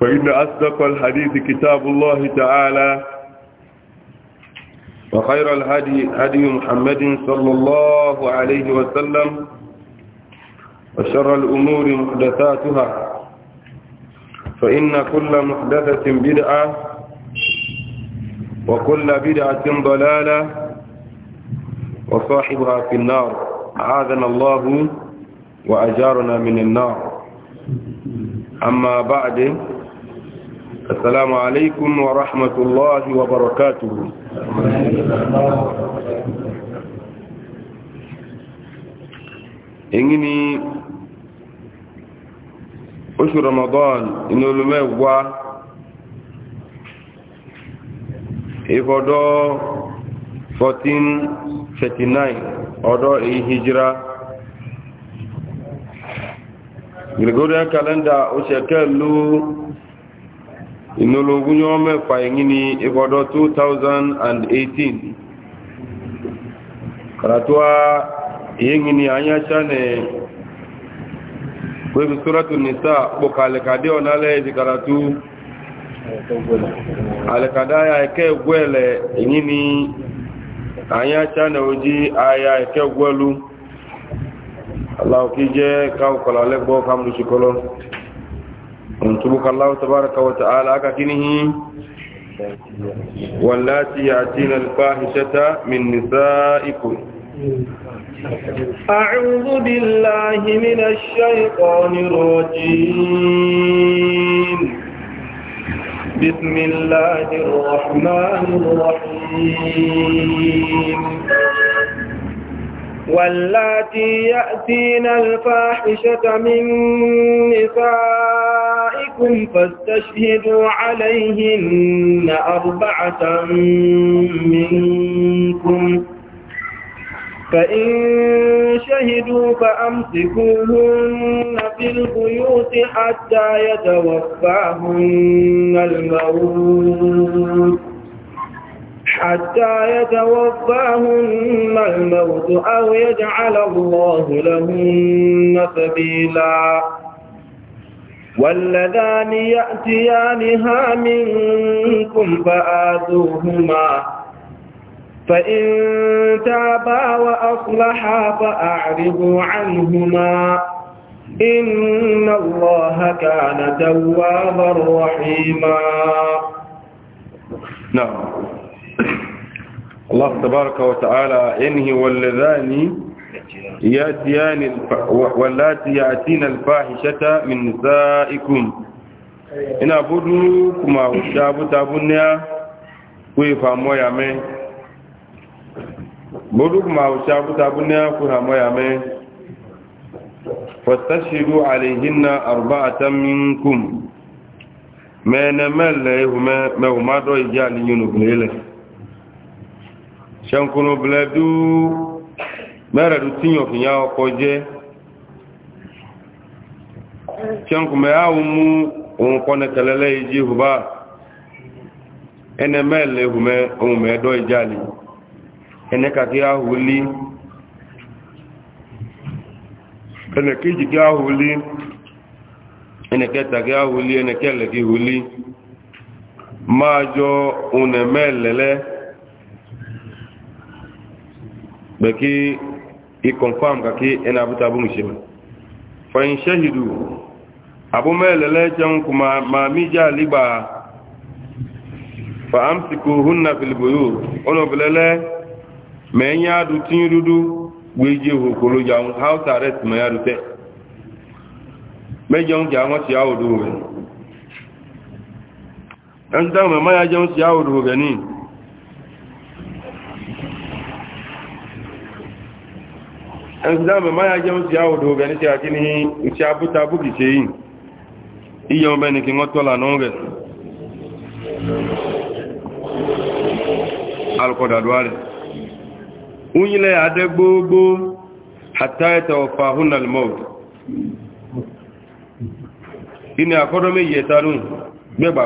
فإن أصدق الحديث كتاب الله تعالى وخير الهدي هدي محمد صلى الله عليه وسلم وشر الأمور محدثاتها فإن كل محدثة بدعة وكل بدعة ضلالة وصاحبها في النار أعاذنا الله وأجارنا من النار أما بعد السلام عليكم ورحمة الله وبركاته إنني oṣù ramadan inú olùmẹ́wà ìfọ̀dọ́ 1439 ọ̀dọ́ èyí hijira gregorian calendar oṣù kẹlú ìnologun yọ́ mẹ́fà yìí ní ìkọ̀dọ̀ 2018 karatuwa yìí ní àyàṣà ní pẹ̀lú sọ́rọ̀tù nìsá pọ̀kà alẹ́kàdé ọ̀nálẹ́ ìdí karatu alẹ́kàdáyà ẹ̀kẹ́ ìgbẹ́lẹ̀ yìí ní àyàṣà ní ojí àyà ẹ̀kẹ́ ìgbẹ́lú aláwọ̀kí jẹ́ káwọ̀kọ̀lá lẹ́gbọ́ kàmùsùkọlọ́ انتبك الله تبارك وتعالى ككنه والتي يأتين الفاحشة من نسائكم أعوذ بالله من الشيطان الرجيم بسم الله الرحمن الرحيم والتي يأتين الفاحشة من نسائكم لكم فاستشهدوا عليهن أربعة منكم فإن شهدوا فأمسكوهن في البيوت حتى يتوفاهن الموت حتى يتوفاهن الموت أو يجعل الله لهن سبيلاً واللذان يأتيانها منكم فآذوهما فإن تابا وأصلحا فأعرضوا عنهما إن الله كان توابا رحيما نعم الله تبارك وتعالى إنه واللذان ياتيان واللاتي ياتين الفاحشة من نسائكم إن أبدو كما وشابو تابنيا كيف أمويا من بودو كما وشابو تابنيا كيف أمويا من فاستشهدوا عليهن أربعة منكم mẹ́ẹ̀nẹ́ mẹ́lẹ̀ لهما ما ní yínú bìnrin lẹ̀ ṣẹ́kùnrin bìnrin mẹ́rẹ̀ ló tíyàn fi yá ọkọ̀ jẹ́ ṣẹ́nkùnmẹ́ áwọ mú ohun kọ́nẹ̀kẹ̀lẹ́lẹ́ ìjí hùbá ẹnẹ mẹ́lẹ̀ ohun mẹ́ẹ̀dọ́ ìjáàlì ẹnẹ kàkí áhùlí ẹnẹ kéjì kí áhùlí ẹnẹ kẹta kí áhùlí ẹnẹ kẹlẹ̀ kí hùlí máa jọ ohun mẹ́lẹ̀lẹ́ pẹ̀kí i confirm ka ki ina buta bu mushe fa in shahidu abu melele jan kuma ma mi ja liba fa amsikuhunna fil buyut ono bilele me nya du tin dudu gbeje ho kolo jaun house arrest me ya dute me jan ja won ti awodu be en da me ma ya jan ti awodu be ni ẹ̀sìdáàmì máa jẹun ti àwòdó obìnrin tí a kí ní ìṣẹ́ abúta búkì ṣe yìí iye obìnrin kí wọ́n tọ́lá náà rẹ̀ alkọ̀dàdúwà rẹ̀ oúnjẹ́ adẹ́ gbogbo àtàẹta ọ̀fà hunal mọ́ọ̀dù inú àkọ́dọ́ méjì ẹ̀ta nù gbẹ́gbà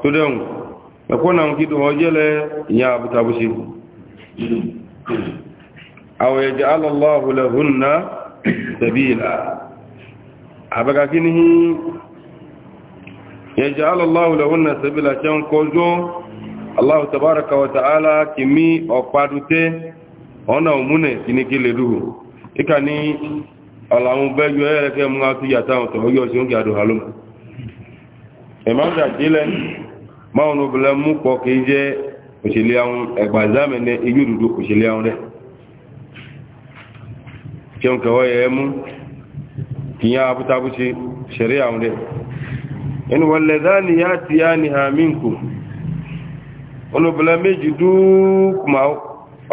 kọjọ́ ẹ̀kọ́ na kí tó ọjẹ́lẹ̀ ya àbútabúṣe àwọn ẹ̀jẹ̀ alọ́lọ́hùlẹ̀hùn náà tẹ̀bí ìlà àbẹ́kàkí ní ẹ̀jẹ̀ alọ́lọ́hùlẹ̀hùn náà tẹ̀bí ìlà na ń kọjọ́ aláhù tàbárakà wata ala kì mí ọ̀padùtẹ́ ọ̀nà òmúnẹ̀ kì ní kí lè dúró ìkà ní ọ̀làwọn bẹ́jọ ẹ̀rẹ́kẹ́ mú àtúyàtà ọ̀tọ̀ ọjọ́ ṣe ń máwọn obìnrin mú pọ̀ kìí jẹ́ òṣèlú àwọn ẹ̀gbà zámẹ̀nẹ ijú dúdú òṣèlú àwọn rẹ̀ ṣeun kẹwọ́ yẹ mú kìí àbútabúṣe ṣẹ̀rí àwọn rẹ̀ ẹni wọ́n lẹ̀ záni yá ti yá ni hàmínkù olóbìnrin méjì dúkùmá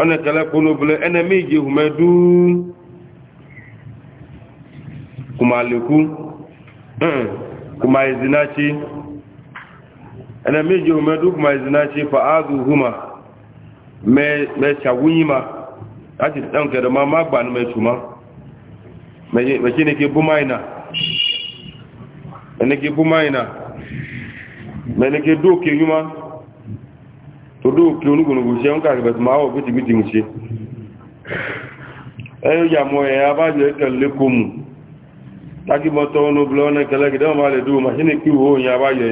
ọ̀nà kẹlẹ́kọ̀ olóbìnrin ẹnẹ méjì hùmẹ́ dúkùmá lẹ́kú kùmá ìzínáṣí Ana ẹnna méje hùmẹ́ dúkùmá ìzìnà ṣe fa me hùmá mẹ́ṣàwúyí ma láti tán kẹ̀dọ̀ ma má gbà ní mẹ́ṣùmá mẹ́ṣí ní kí búmáìnà ẹnìkí búmáìnà mẹ́nìkí dókè yúmá tó dókè onúgbònúgbò ṣe ń kàrí bẹ̀tù máa wọ̀ bí ti mítìmù ṣe ẹyọ yàmọ̀ ẹ̀ abájọ ẹ̀kẹ̀lẹ́ kó mù tágìbọ̀tọ̀ ọ̀nà obìnrin ọ̀nà je.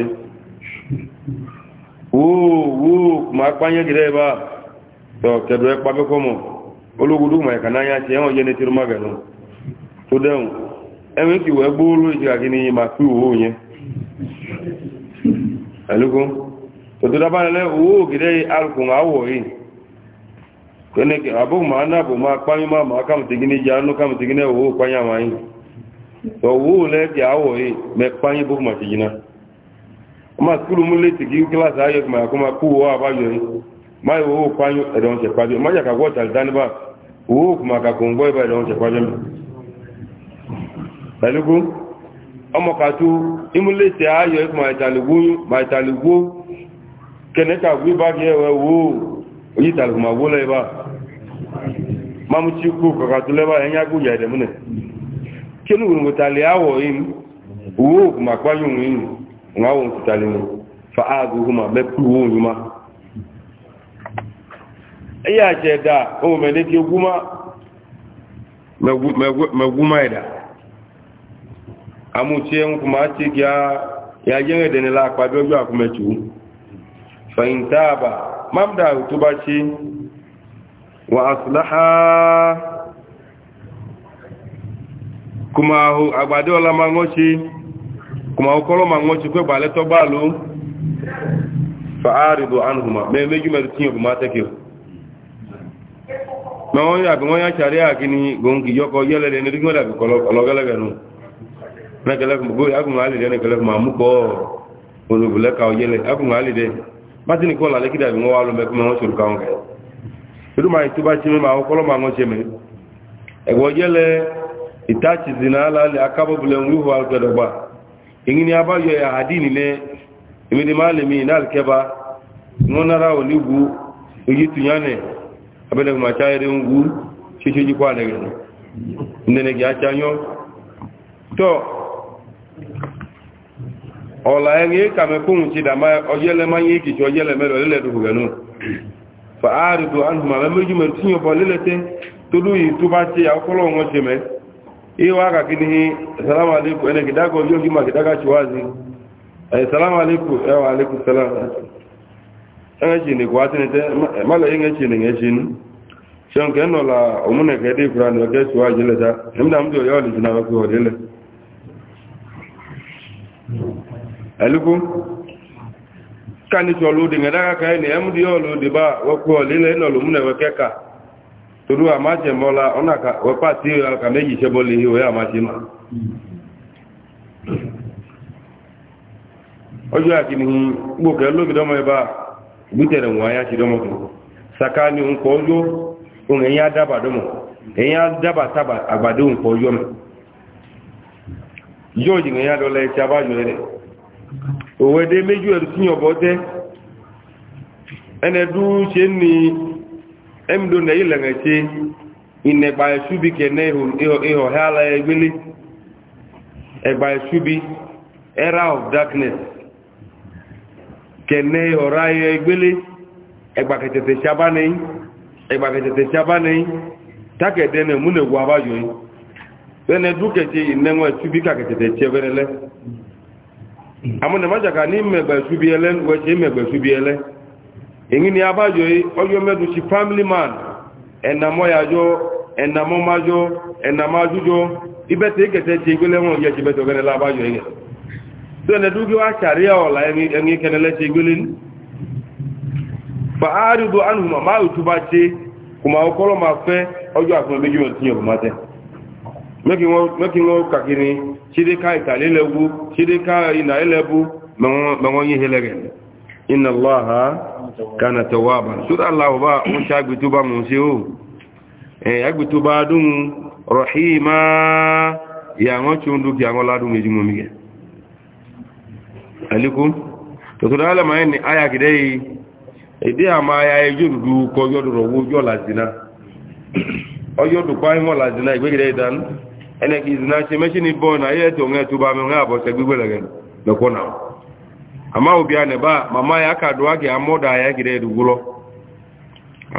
woo ma akpanye gị ebe a tọ kedu ekpabekwa ma ka n'anya chi enwe onye netiri mma gịnụ tụdenwu enwe ka iwe gboo olu iji gị n'iyi ma kpi uwe onye alugo tụtụdabalele uwe ogide alụkwụ ma awọghị keneke abụghị anụ tọ ka ma ma ma sukulu mu le tigi kilasi ayɔ kuma kuma ku wo a b'a yɔ ye ma ye wo kpa ɛdɔn cɛ kpa ma jɛ ka wɔ tali tani ba wo kuma ka kɔn bɔ i ba ɛdɔn cɛ kpa bi ma taliku imu le tɛ ayɔ kuma italiku ma italiku kɛnɛ ka wi ba kɛ wɛ wo o yi taliku ma wo la ba mamu tsi ku kaka tu lɛ ba yɛ nya ku yɛ dɛmu nɛ kí ni wòlò tali awɔ yi wo kuma kpa yɔ nga wo nkutali mu fa aguhuma me kuwo nyuma iya e je da o me ne ti guma me me guma ida amu che un kuma ti ya ya je de ne la pa bi ojo akume tu fa intaba mamda utubachi wa aslaha kuma agbado la mangochi kuma okolo ma ngo chukwe bale to balu fa aridu anhuma me meju meru tinyo ma tekio me won ya won ya sharia kini gongi yoko gele na gele ko go ya ko de ne gele ma ya ko la le kida bi ngo walu me ko ka iru ma ituba ma okolo ma ngo e go yele itachi zinala le akabo bule èyí ni abáyọ àdí nílẹ̀ èmìdí máa lè mi iná àkẹba wọ́n nára ò níwu èyí tùyánẹ̀ abẹ́lẹ̀kùn àti ayẹrẹ ń wú ṣeṣe jíkọ́ àlẹ́rẹ̀ ìdẹ̀nẹ̀gì àti ayọ́ tọ́ ọ̀la ẹ̀rẹ́ kàmẹ́kùn ti dàmá ọjẹ́lẹ́ máa yé kìtì ọjẹ́lẹ́ mẹ́lọ lẹ́lẹ́dùkùgẹ̀nù fàárùdù àndùmọ̀ mẹ́mẹ́jùmẹ̀ tíyànbọ̀ lẹ́lẹ́tẹ́ tó lóyìn tó bá ṣe àkọ́lọ́ wọn ṣe iwa ka kini salamu alaikum ene kidako yo kima kidaka chwazi eh salamu alaikum eh wa alaikum ene chini kwa tene te eh, mala ene chini ene chini shon ke no la omune ke di qur'an yo ke chwazi le ta emda mdo yo le jina ko le le alaikum kani cholo de ngada ka ene emdi yo lo ba wa ko le le no lo toru amache mola ona ka wepa ti ka meji sheboli hiyo ya machima ojo akini gbo ke lo bidomo eba bitere won aya ti domo to sakani un ko ojo un eyan daba domo eyan daba taba agbado un ko ojo me yo ji eyan do le ti abajo ere owede meju eru ti yan bote ene du se emdo na ilengachi inegba esubi kene iho hala egbele. egba esubi era of darkness kene iho rayo egbele, egba ketete shabani egba ketete shabani takede ne mune gwa abajo yi bene dukeche inenwe esubi ka ketete cheberele amune majaka ni megba esubi ele weche megba esubi ele èyí ni abájọ́ ọjọ́ mẹ́dùn sí family man ẹ̀nàmọ́yàjọ́ ẹ̀nàmọ́májọ́ ẹ̀nàmájújọ́ ibẹ̀ tí kẹsẹ̀ ti gbélẹ̀ wọn yẹ ti bẹ̀tọ̀ gẹ́nẹ̀ lábájọ́ yẹn tó ẹ̀nà dúkí wá kàríà ọ̀la ẹni kẹnẹlẹ́ ti gbélẹ̀ ní fàárìdò ánùmọ̀ máa òtú bá ṣe kò máa kọ́lọ́ máa kana tawaba sura allah ba mun sha gbitu mun se o eh agbitu ba dun rahima ya ngo chundu ki ngo ladu aliku to sura ma ni aya gidei ede ama aya eju du ko yodo ro wo igbe gidei ene ki zina se mechi ni bona ye to se lege lokona ama obi a ba mama ya aka duwa ga amoda ya gire dugulo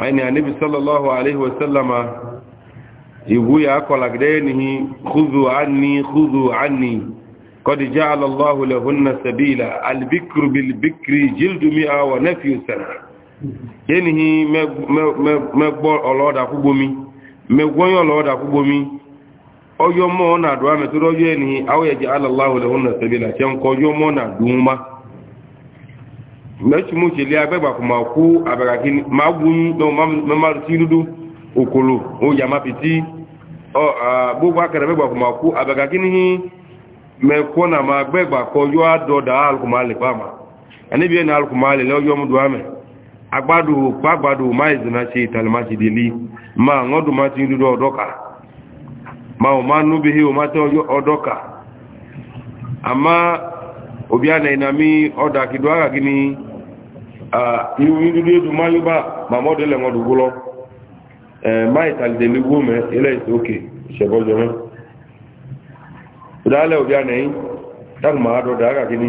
aini anabi sallallahu alaihi wasallama ibu ya kola gire ni khudhu anni khudhu anni qad ja'ala Allah lahunna sabila al-bikru bil bikri jildu mi'a wa nafyu sana yenihi me me me gbo oloda kugbomi me gwoyin oloda kugbomi oyo mo na duwa me to royo enihi aw ya ja'ala Allah lahunna sabila chen ko yo mo na duma mẹ́tù mú ṣe lé agbẹ́gbàkù máa kú àbẹ̀gàkí máa ma mẹ́màrù tí dúdú òkòlò ó yà máa fi tí gbogbo akẹ́rẹ̀ agbẹ́gbàkù máa kú àbẹ̀gàkí ní mẹ́kọ́ náà máa gbẹ́gbàkọ yọ́ àdọ́dà alùkùnmáàlì pàmà ẹnibí ẹni alùkùnmáàlì lọ́yọ́ mọ́dúnwámẹ́ agbádò pàgbádò máa ìzìnà ṣe ìtàlẹ́máṣìdélé máa ọdún máa ti dúdú ọdọ́kà máa ò máa núbi hí o máa tẹ́ ọdọ́kà àmá òbí àná Ah, iwu iriri edu ma ma mọdụ ile mọdụ gwụlọ ee eh, ma ịtalidele ugwo me ile ite oke ìṣẹ̀bọ́jọ mẹ́ ìdálẹ̀ òbí ànẹ́yìn dákùnmà àdọ́dà àgàkì ní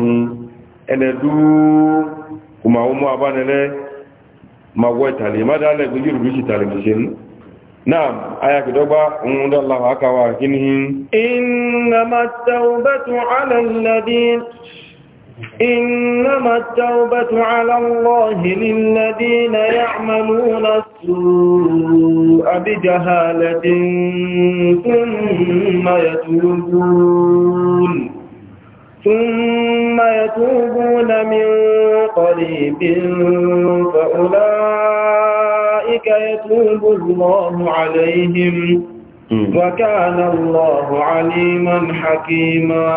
ma wọ́ ìtàlì má dálẹ̀ gbé yìí rúbíṣì tàlì kìí نعم آية دوبا n'ihi. إنما التوبة على الله للذين يعملون السوء بجهالة ثم يتوبون ثم يتوبون من قريب فأولئك يتوب الله عليهم وكان الله عليما حكيما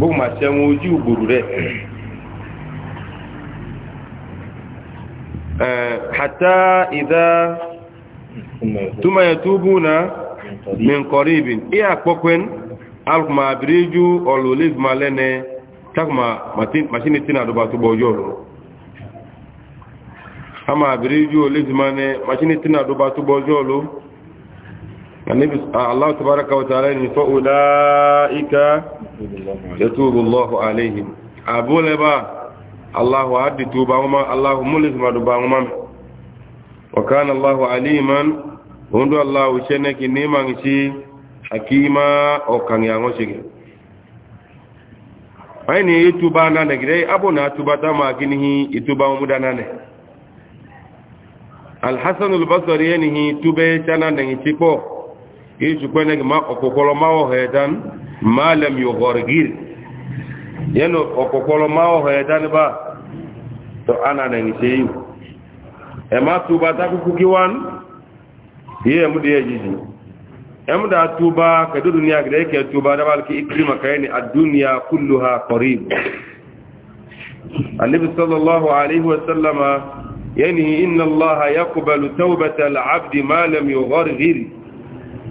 bụ ma chenwe ojii ugboro re hatta idha tuma yatubuna min qaribin iya kokwen alkuma biriju ololive tina do batu bojolo ama biriju tina do batu النبي الله تبارك وتعالى فأولئك يتوب الله عليهم أبو لبا الله عد توبهما الله ملك مدبهما وكان الله عليما هند الله شنك نيمان شي حكيما أو كان يعوشك أين يتوبا نانجري أبو ناتوبا تما كنه يتوبا مدانا الحسن البصري ينهي توبه تانا نهي شيبو yesu kwene ma okokolo mawo hedan malam yughorgir yeno okokolo mawo hedan ba to ana na ngiseyu e ma tuba ta ku kukiwan ye mu de jiji e mu da tuba ka du duniya gida yake tuba da balki ikrima kayni ad-dunya kulluha qarib annabi sallallahu alaihi wa sallama yani inna allaha yaqbalu tawbata al-'abdi ma lam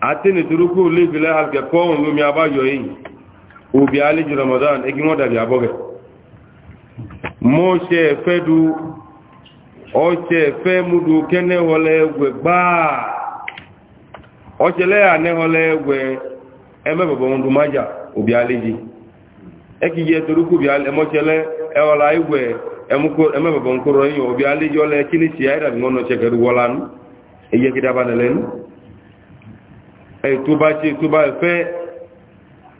atini turuku libile halke kowon lumi abajo yi ubi aliji ramadan egi wọn dabi aboge mo ṣe fe du ọṣẹ fẹ́ le du májà ubi aliji ẹkì yẹ turuku e ubi aliji ẹmọ́ṣẹlẹ ẹwọlá ẹgbẹ̀ ẹmẹ́ bọ̀bọ̀ nkúrọ̀ yìí ubi aliji ẹ̀tọba eh, tí ẹ̀tọba ẹ̀fẹ́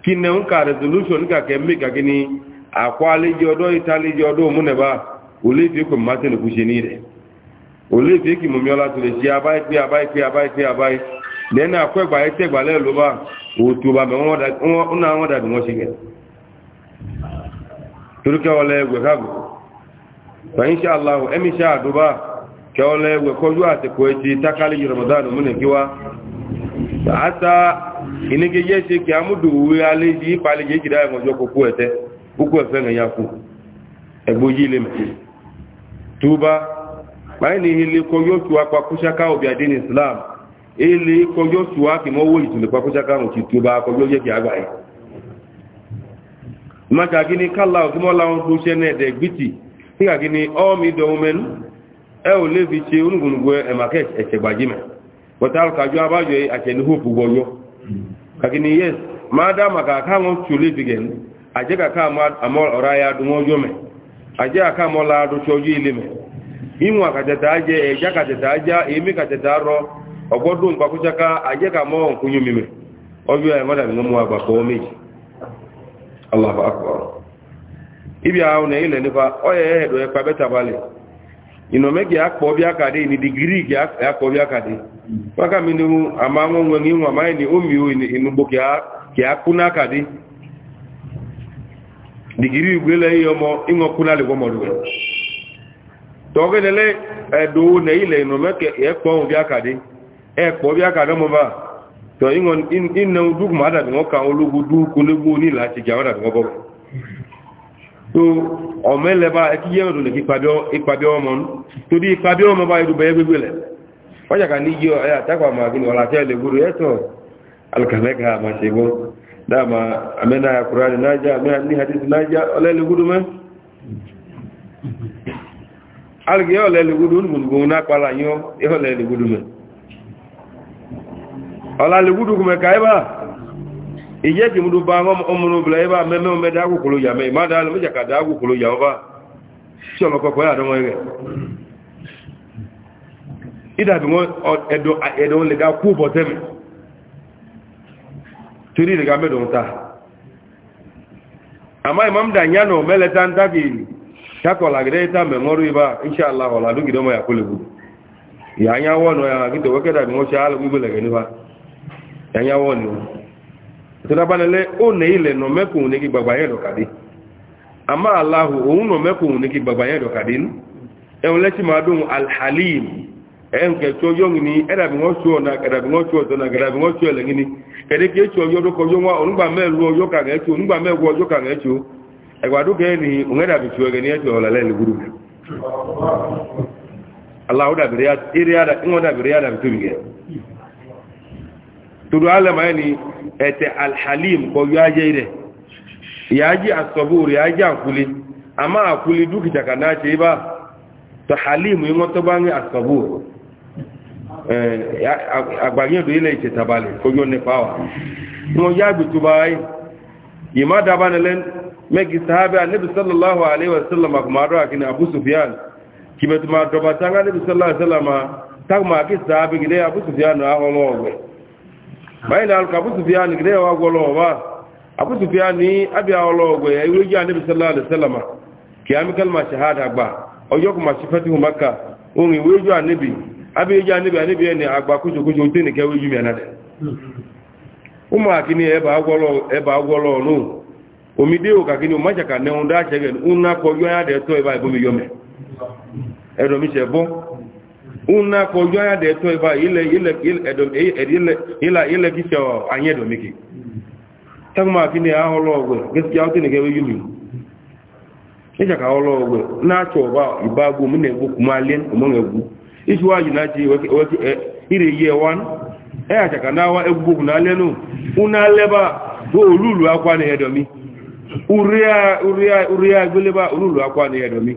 kí ní ń ka resolution kàkẹ́ mí kàkí ni àkọ́ alẹ́jẹ́ ọdọ́ ìtàlẹ́jẹ́ ọdọ́ òmúnẹ̀bá olèfẹ́ kò má tẹ́lẹ̀ kú ṣe ní rẹ̀ olèfẹ́ kì mọ̀mí ọlá tó lè ṣe abáyé pé abáyé pé abáyé pé abáyé lẹ́nu àkọ́ ẹ̀gbà ẹ̀ tẹ̀gbà ata inige se ki amudu wi aleji pale je kidai mo joko ku ete uku efe e yaku yi ile mti tuba mai ni ile ko yo tu obi adin islam ile ko yo tu aki mo wo itule pa kushaka mo ti tuba ko yo agba yi ma ka gini kala o mo la du se de gbiti ti ka gini o mi e o le bi se onugunugwe wọ́tàlù kàjọ abájọ àjẹni gbọ́yọ́ kàkíní yes máa dáàmà kàkà wọn tún lè àjẹ́ kàkà àmọ́ ọ̀rá ya dùn wọ́n yọ mẹ́ àjẹ́ kàkà àmọ́ láàdó ṣọjú ilé mẹ́ ìwọ̀n àkàtẹ̀tà ajẹ́ ẹ̀já kàtẹ̀tà ajá èémí kàtẹ̀tà rọ ọgbọ́dún pàkúṣaká àjẹ́ kàmọ́ òǹkúnyún mímẹ́ ọjọ́ ẹ̀ mọ́dà mi mú àgbà fọwọ́ méjì allah akbar ibi àwọn ilẹ̀ nípa inomegi akpọbịa kadị ni digrii akpọbịa kadị maka minu ama nwe nwe nwa maghị ni omiwo inugbo ke akpụna kadị digiri igwele ihe ọmọ ịṅụ ọkpụna ligbo mọdụ tọgedele edo na ile inomeke ekpọbịa kadị ekpọbịa kadị mọba tọ ịṅụ ine duk ma adabi nwoke olugwu dukwu n'ugwu niile achịcha ọ nwoke tó ọ̀mẹ́lẹ́bá ẹkí yẹ́rọ̀dùn lè kí ìpàbí ọmọ nù tó bí ìpàbí ọmọ bá irú bẹ̀yẹ́ gbégbé lẹ̀ wájàká ní yíò ẹ àtàkọ̀ àmàgbìn ọ̀làtẹ́ lè gúrú ẹ̀tọ́ alùkàmẹ́kà àmàṣẹ́gbọ́ dáàmà àmẹ́nà àkùránì nájà àmẹ́nà ní àtìsí nájà ọlẹ́lẹ́gúrú mẹ́ alùkẹ́ ọlẹ́lẹ́gúrú nùgbùngbùn náà pàlà yọ ọlẹ́lẹ́gúrú mẹ́ ọlẹ́lẹ́gúrú mẹ́ káyébà ije ki mudu ba ngom omuru bla iba meme o meda ku kulu ya me ma da lo ida bi edo edo le ga ku bo tem tiri le ga me do ta ama imam da nya no mele tan ta ki ta ko la gre ta me ngoru iba inshallah wala du gido ya kulu bu ya nya wono ya gido weke da bi tolabanale o ne ile no mekun ni gbagba yen do kadi ama allah o no mekun ni gbagba yen do kadi nu e o leti ma dun al halim e nke to yo ni era bi won so na era bi won so to na era bi won so ele ni kede ke cho yo tòdó alẹ́mà ẹni ẹ̀tẹ̀ alhalim kọ yọ ajẹ́ rẹ̀ ìyájí àsọ̀bù rẹ̀ ajẹ́ àkúlé a máa kúlé dúkìtà kà náà ṣe bá tọ̀ halim yí wọ́n tó bá ní àsọ̀bù àgbàgbẹ́dọ̀ ilẹ̀ ìṣẹ̀tàbalẹ̀ kọ yọ nípa wà wọ́n yá gbé tó bá yìí yìí má dábà nílẹ̀ mẹ́gì sàábẹ́ anábì sallallahu alaihi wasallam àkùmárọ̀ àkínní abu sufyan kìbẹ̀tùmá dọ̀bà tán anábì sallallahu báyìí ní alùkà abúsùfíà a a wa gbọ́lọ̀ a abúsùfíà ní abíà ọlọ́ọ̀gbẹ̀ ìwé a àníbi sallallahu alaihi wasallam kí ma shahada gba ọjọ́ kò ma ṣe fẹ́tí hùn maka ohun ìwé jí àníbi abíà jí àníbi àníbi ẹni àgbà kúṣokúṣo tí ní kẹwé jí mi ẹ̀nà dẹ̀ umu akini ẹba agwọlọ ọ̀nù omi dé òkà kí ni o májàkà nẹ́hun dá na ń ná kọjú ayá dẹ̀ tọ́ ẹba ìbomi yọmẹ̀ ẹ̀rọ mi ṣẹ̀ bọ́ una ko ya de to ba ile ile ile ile ile ki cho anye do miki tagma kini a holo gwe gaskiya kini ke yumi ija ka na cho ba ibagu mun ne buku malen ire ye wan e aja na wa egbu na lenu una leba go lulu akwa ne edomi uria uria uria akwa ne edomi.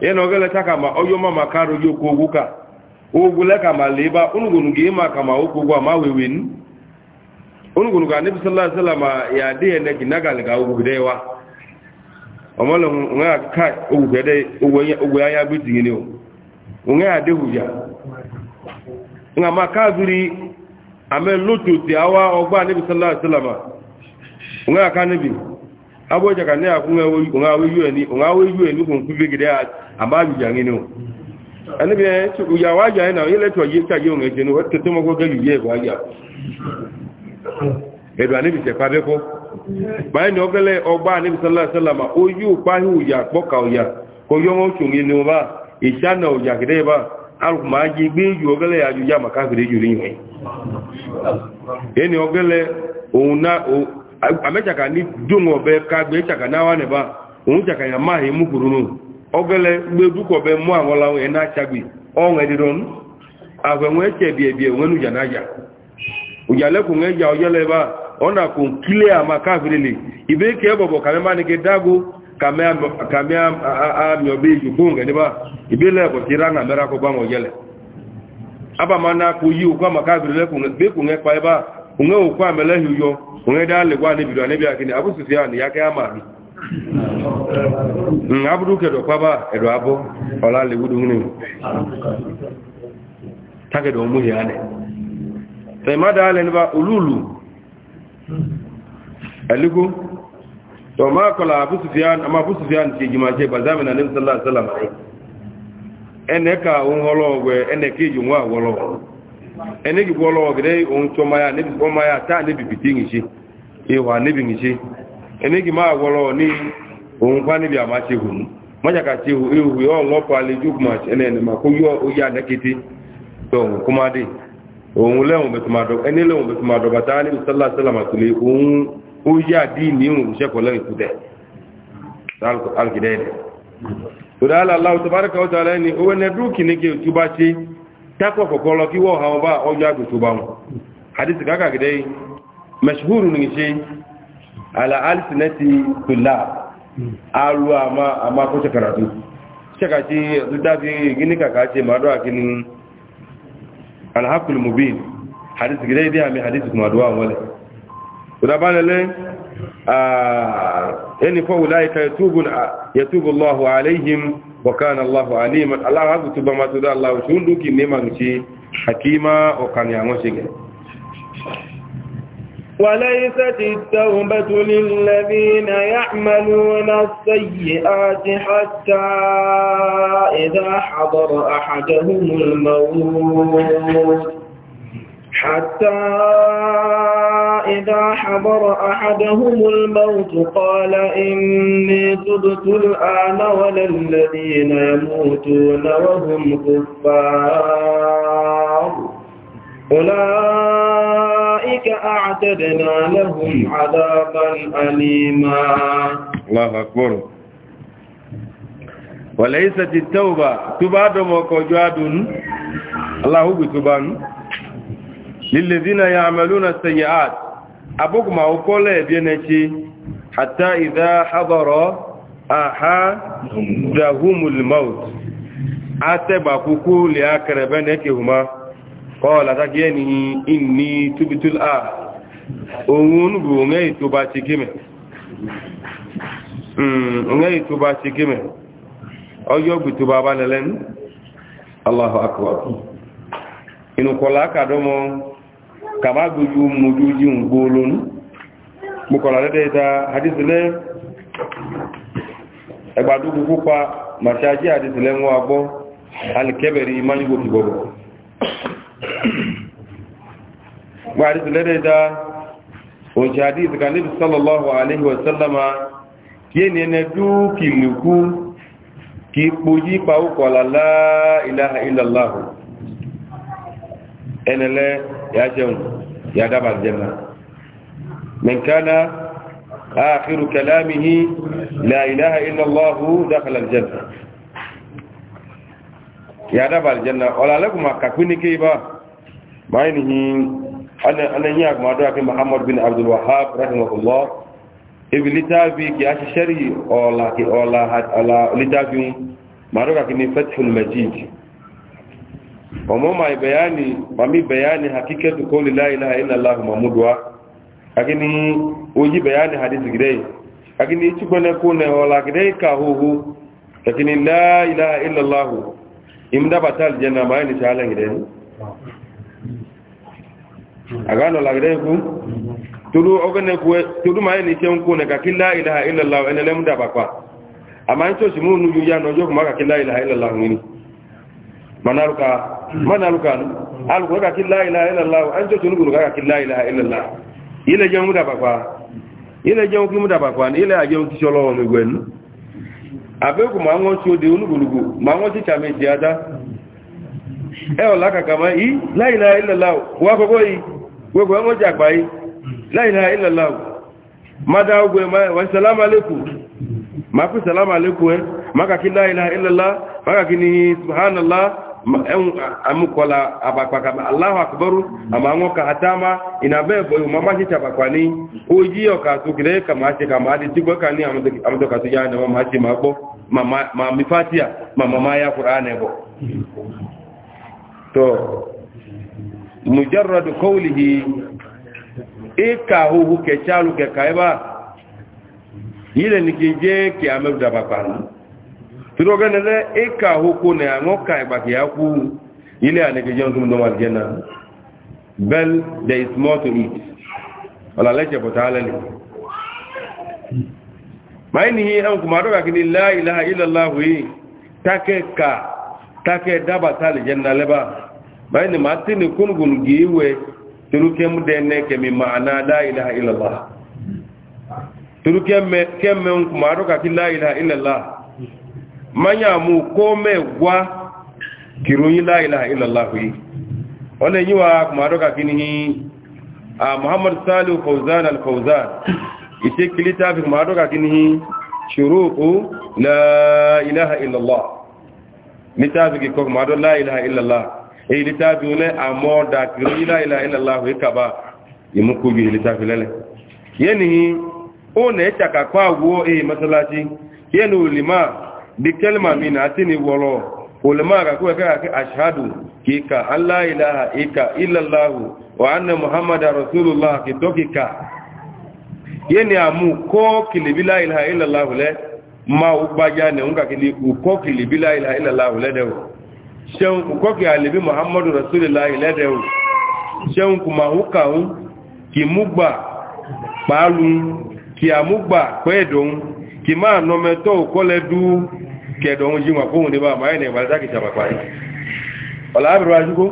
ye na ogeleta ka ma onye ọma maka arụ gị okwu ogwu ka ogwule ka ma lee ba unugunu ga ịma ka ma okwu ogwu ama wewe wenu unugunu ga anabi sallallahu alaihi ya adịghị ene gị nagalị ga ogwugide wa ọmọlụ nwa ka ogwugide ogwe anya bụ itinye o nwa adịghị ya nwa ma ka zuri amen lotu ti awa ọgba anabi sallallahu ma wasallam nwa aka anabi a ka na akwụ nwe un kwu nkwu aba ya wa ji anyị na onwe jen tete mọgwụ oge gi ye bụ aya a nebite kpabekụ ya anyị na ogele ọgba anebitala asala ma oyi ụkpa ahụ ụya kpọ ka ụya ka onye ọnwa oche onye n'ụba ịcha na ụya gide ebe a ma aji gbe ju ogele ya ajụ ya maka gịrị juru ihe enyi ogele òun amechaka ni dungo be kagbe chaka na wane ba un chaka ya mahi mukurunu ogele gbe duko be mu angola we na chagbi o nwe didon awe nwe che bie bie wenu janaja ujale ku nge ja ojele ba ona ku kile ama kafirili ibe ke bobo kame mani ke dago kame kame a mi obi jukunge ni ba ibe le ko tiranga mera ko ba mo jele aba mana ku yi ku ama kafirili ku nge be ku nge pa ba onwe okwa ameleghị uyo onye dị alịgwa nebido anebia gịnị abụ sisi ya na ya ka ya maghị mm, abụrụ kedo kwaba edo abụ ọla legudu nwunye tagedo omuhi ane taimada ale niba ululu eligu to ma kola abu sufyan ama abu sufyan ti jimaje bazame na nabi sallallahu alaihi wasallam ene ka un holo we ene ke ju nwa wolo enegi bolo gede on choma ya nebi boma ya ta nebi bitingi shi e wa nebi ngi shi enegi ma wolo ni on maja ka chi hu e hu yo lo pa le juk ma ene ne ma ko yo o ya nakiti to kuma de on tuli on di ni on se ko le ku de al Allah tabaaraka wa ta'ala ni o ne duki ne ke tubati takwa kokolo kiwo hawo ba oja gutuba mu hadith kaka gidai mashhurun ni shi ala alsinati kullab alu ama ama ko ta karatu shaka gini kaka ce ma do akini alhaqul mubin hadith gidai bi ami hadith kuma do wala kuda balale ah yani fa ulaika yatubu yatubu Allahu alaihim wakana allahu aliman allah hazu tuba matu da allah shun duki ne manci hakima o kan ya ngoshi ge وليست التوبة للذين يعملون السيئات حتى إذا حضر أحدهم الموت حتى إذا حضر أحدهم الموت قال إني تبت الآن ولا الذين يموتون وهم كفار أولئك أعتدنا لهم عذابا أليما الله أكبر وليست التوبة تبادم وكجاد الله بتبان للذين يعملون السيئات أبوك ما أقول يبينتي حتى إذا حضر أحدهم الموت أتبقوا لأكربنكهما قال تجيني إني تبت الآن أون بوغي تباتيكيمي أغي تباتيكيمي أيوب تبابان لن الله أكبر إنو قلاك أدومو kama gbójú mojú jí ń gbó lónú mọ́kànlá lẹ́dẹ̀ ìta àdísílẹ̀ ẹgbàdógún púpa màṣájí àdísílẹ̀ ń wọ́n abọ́ alìkẹ́bẹ̀rí imáyígbò fi gbọ́gbọ̀ gba àdísílẹ̀ lẹ́dẹ̀ ìta òṣì àdísí kan níbi sallallahu alaihi wasallama kí ẹni ẹni dúkìlùkú kí pojí pàwọ́kọ̀ọ́lá láìláha ìlàláhù ẹnẹlẹ́ يا jẹun يا dábàá aljanna من كان آخر كلامه لا إله إلا الله دخل الجنة يا دبا الجنة ولا لكم ككوني كيبا ما ينهي أنا أنا نياك ما دعك محمد بن عبد الوهاب رحمه الله ibi litaafi ki a ṣe ṣẹ́rí ọ̀la ọ̀la litaafi ma dọ́ka kí ni fẹ́tìfún mẹ́jìdì ọmọ ma bayani mami bayani hakikatu kọlu láìláà ilàláhù mamuduwa agini oyi bayani hadisi gidai agini cikwene kone ọla gidai ka huhu takini láìláà ilàláhù imdabata aljanna ma yi nishala gidai agano la gidai ku tudu ogene kuwe tudu ma yi nishen kone kaki láìláà ilàláhù enele mudabakwa amma yin coci mu nuju ya nojo kuma kaki láìláà ilàláhù ni mana aluka mana aluka nu ka ki la ilaha illallah an tunu guru ka ki la ilaha illallah ile je mu da bakwa ile je ki mu ile a je mu ki solo won gwe abe ma won so de unugulugu ma won ti chame ti e o la ka kama i la ilaha illallah wa ko boyi we go won ja la ilaha illallah mada ma wa ma ku ma Eh, amukola abakwaka allahu akbaru amango hatama inabe boyu mamashi chabakwani ujiyo kasukile kamashi kamadi tigwe kani amdo kasujana mamashi mabo mama mifatia mama ya qur'ane bo to mujarrad qawlihi ikahu kechalu kekaiba ile nikije kiamebda bakwani tiri oge na ele ịka ahụkwu na aṅụ ka ịgbaka e ya ku ile a na-ekeje nzu ndo malije na bel there is more to it ọlaleche pụta alele ma anyị n'ihe ihe nkwu ma adọga gị n'ile ilaha ilallahu yi take ka take dabata alije na leba ma anyị ma tini kunugun gị iwe turu kem dene kemi ma ana la ilaha ilallah turu kem me nkwu ma adọga gị la ilaha ilallah manya mu ko mẹ́wàá kìròyìn láìlà ìlàláwì ọlẹ́ yíwa kùmàdọ́ka kí ni a muhammad salu fauzan al-fauzan ìṣẹ́ kìlítà fi kùmàdọ́ka kí ni ṣòro o láìláha ìlàlá nítàbí kíkọ kùmàdọ́ láìláha ìlàlá èyí nítàbí olẹ́ àmọ́dà kìròyìn láìláha ìlàláwì kaba ìmúkójú ìlítàfi lẹ́lẹ̀ yẹ́ni ó nẹ̀ẹ́ bi kelma min atini wolo ulama ga ko ga ashhadu ki ka alla ilaha ika illa allah wa anna muhammadar rasulullah ki dokika yeni amu ko bila ilaha illa allah ma ugbaja ne unga kile ko bila ilaha illa allah le de seun muhammadu rasulullah le de seun kuma huka un ki mugba palu ki amugba kẹ̀dọ̀ ohun jíma fóhun ní bá máa ẹ̀nà ìgbàlẹ́ tàkì sàbàpàáyì ọ̀lá àbìrò ajúgbó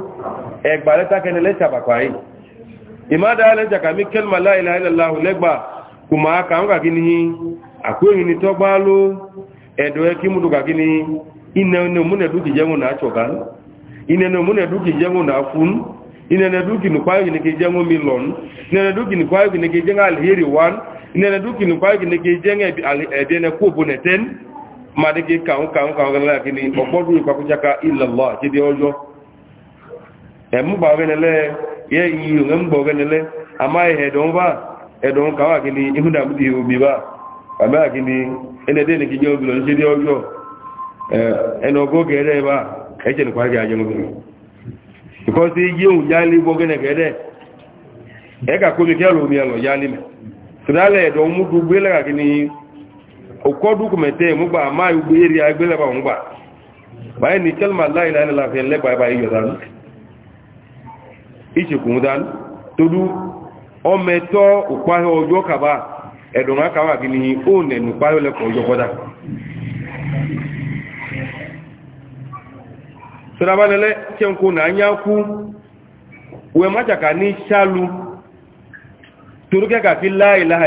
ẹgbàlẹ́ tàkẹ́ni lẹ́sàbàpàáyì ìmádà alẹ́jàkàmí kẹlmà láìláìláhùn lẹ́gbà kò máa ni àkóyìn ni tọ́gbá ló ẹ̀dọ̀ ẹ kí múdù kàkí ni inẹnu múnẹ̀dúkì jẹ́wọ̀n náà ṣọ̀kan inẹnu múnẹ̀dúkì jẹ́wọ̀n náà fún inẹnẹdúkì nìkwáyì ni kì í jẹ́wọ̀n mi lọ́n inẹnẹdúkì nìkwáyì ni kì í jẹ́wọ̀n alheri wan inẹnẹdúkì nìkwáyì ni kì òbò nẹ̀tẹ́ni dị gị ka nka nka gara gị ni ọkpọdụ ịkwakwụchaka ilalọ chidi ọjọọ emgba ogenele ye iyi onwe mgba ogenele amaghị edon ba edon ka wa gị ni ihu na mdi obi ba ama gị ni ene de obi lo chidi ọjọọ ene e ka komi kelo mi alo ya li me tụdala edon ni okodu kumete mugba ma ubiri agbele ba mugba bayi ni kalma la ilaha illa fi le ba bayi yodan ichi kumudan todu o meto upahe ojo kaba gini o ne nu pahe le ko ojo koda sirabanele chenku na anyaku we majaka ni shalu turuke ka fi la ilaha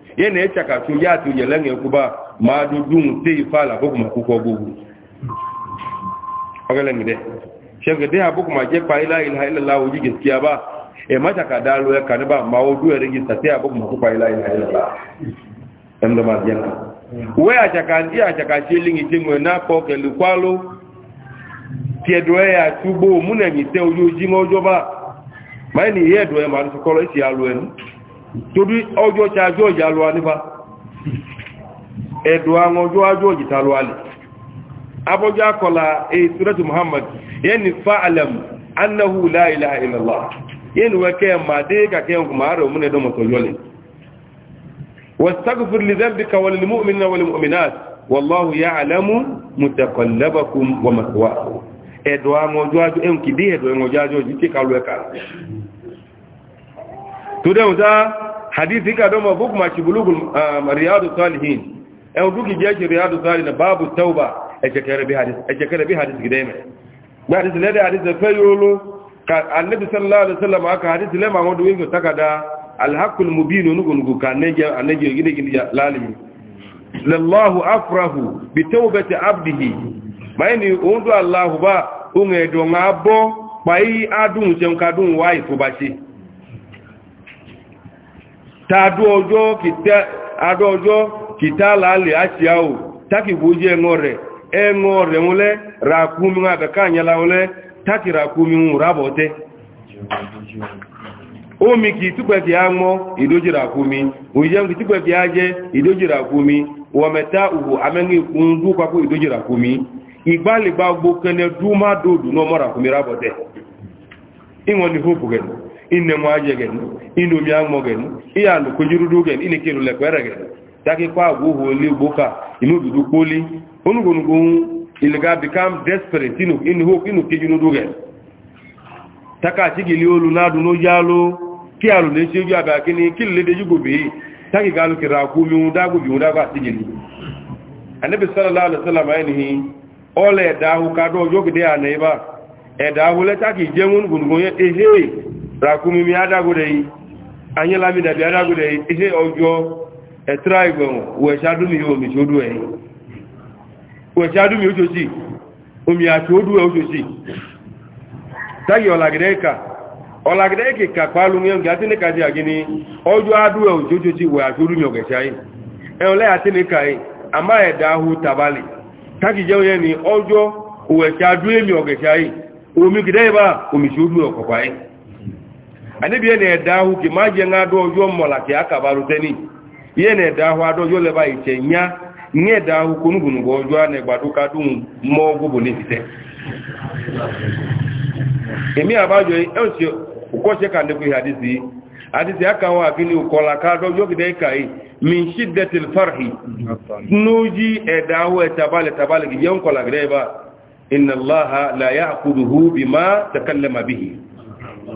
yẹn e na ẹ̀chà kàtó yá àti òyẹ̀ lẹ́yìn ẹkú bá máa dúdún tí ìfàlà àbókùnmà kúkọ gbogbo ọgẹ́lẹ́gẹ̀dẹ́ ṣẹ́gẹ̀dẹ́ àbókùnmà jẹ́ pa iláìláìlá ojú gẹ̀ẹ́sì àbá ẹ̀mátàkà dálọ ẹ̀kà níbà máa ó dúrẹ̀ rẹ́gísà tí àbókùnmà kúpa iláìláìlá ẹ̀mdọ́mà jẹ́ náà wẹ́ àjàkà tí àjàkà tí eléyìn tí mo náà pọ̀ kẹ̀lú kwáló tí ẹ̀dọ̀ ẹ̀ àtúgbò múnẹ̀mí torí ọjọ́ tí ajọ́ ìjà lọ nípa ẹ̀dùn àwọn ọjọ́ ajọ́ ìjìta lọ alẹ̀ abọ́jọ́ akọ̀lá èsìrẹ́tù muhammad yẹni fa alam annahu láìlá ìlàlá yẹni wẹ́kẹ́ màdé kàkẹ́ ọkùnmàárẹ̀ واستغفر لذنبك وللمؤمنين والمؤمنات والله يعلم متقلبكم ومثواكم ẹ̀dọ̀ àwọn ọjọ́ ajọ́ ẹ̀hùn kìdí ẹ̀dọ̀ ẹ̀hùn ọjọ́ ajọ́ ìjítí kalú ẹ̀kà to dẹ́hùn tá hadithi ka dọ́mọ̀ bókù ma ṣe bulugun ah, riyadu salihin ẹ̀hùn dúkì jẹ́ ṣe riyadu salihin babu tauba ẹ̀ṣẹ̀kẹrẹ bí hadith gidẹ́ mẹ́ gbé hadith lẹ́dẹ̀ hadith fẹ́ yóò ló ka annabi sallallahu alaihi wasallam aka hadith lẹ́mọ̀ àwọn ọdún wíńkù takada alhakul mubinu nugunugu ka anẹ́jẹ̀ afrahu bi abdihi mayini ohun allahu ba ohun ẹ̀dọ̀ ń abọ́ pàyí adùn ṣe ń ta adó ọjọ́ kìtà láàlẹ̀ àṣíyà ò tákì gbójú ẹ̀ngọ́ rẹ̀ ẹ̀ngọ́ rẹ̀ wọn lẹ́ ràkúmi wọn àbẹ̀ká àyẹ́lá wọn lẹ́ tákì ràkúmi wọn rábọ̀ tẹ́ omi kì í túpẹ̀ fi á mọ́ ìdójì ràkúmi òyìnbó kì í túpẹ̀ fi á jẹ́ ìdójì ràkúmi wọ̀mẹ̀ta òwò amẹ́rin ìgbàlẹ̀gbà gbókẹ́nẹ́ dúmádòdù náà mọ́ rábọ̀ tẹ́ ìwọ̀n ni hóòpù gẹ̀dùn ine nwa aje gen ine omi anwụ gen ihe alụkwejurudu gen ine kelu lekwere gen takikwa kwa uhu oli ugbo inu dudu kpoli onugonugbo iliga become desperate inu inu inu kejurudu taka achigili olu na adu n'oji alụ ki alụ na echi oju abịa kini kili lede bi ga mi anabi sallallahu alaihi wasallam ọla ẹ̀dá ahụ kadọ́ ọjọ́ ya na ebe a ahụ rakumi mi adagode yi anyela mi dabi adagode yi ihe ọjọ ẹtira ìgbẹ̀wọ̀n wẹ̀ṣadú mi omi ṣodú ẹ̀ wẹ̀ṣadú mi oṣooṣì omi àṣodú ẹ̀ oṣooṣì tagi ọ̀làgẹ̀dẹ̀ ẹ̀ka ọ̀làgẹ̀dẹ̀ ẹ̀kẹ̀ kàpá lu yẹn gàtí ní kàdí àgíní ọjọ́ adú ẹ̀ oṣooṣì wẹ̀ àṣodú mi ọ̀gẹ̀ṣà yìí ẹ̀hún lẹ́yà tí ní kàí ẹ̀dá ahu tabali tagi jẹun yẹn ni ọjọ́ wẹ̀ṣadú mi ọ̀gẹ̀ṣà yìí omi gẹ̀dẹ̀ yìí bá omi ṣodú ọ̀kọ̀kọ̀ yìí anibi yɛ na ɛda ahu ke ma yɛ ŋa do yɔ mɔla ke akaba do tɛni yɛ na ɛda ahu ado yɔ lɛ ba itsɛ nya ŋa ɛda ahu ko nugunugbɔ yɔ ana gbado ka do mɔ gbogbo ne fi tɛ èmi àbájọ yìí ẹ̀ ń ṣe òkọ́ṣe kàndékù yìí àdìsí yìí àdìsí àkàwọ àkíní òkọ́lá káàdọ́ yókìdá ìkà yìí min ṣídẹ̀ tìlfàrhì nójí ẹ̀dà ahọ́ ẹ̀tàbálẹ̀ tàbálẹ̀ yẹn kọ́lá gẹ́gẹ́ bá ìnàláha làyà àkùdùhù bí má tẹ̀kẹ́lẹ̀ màbíhì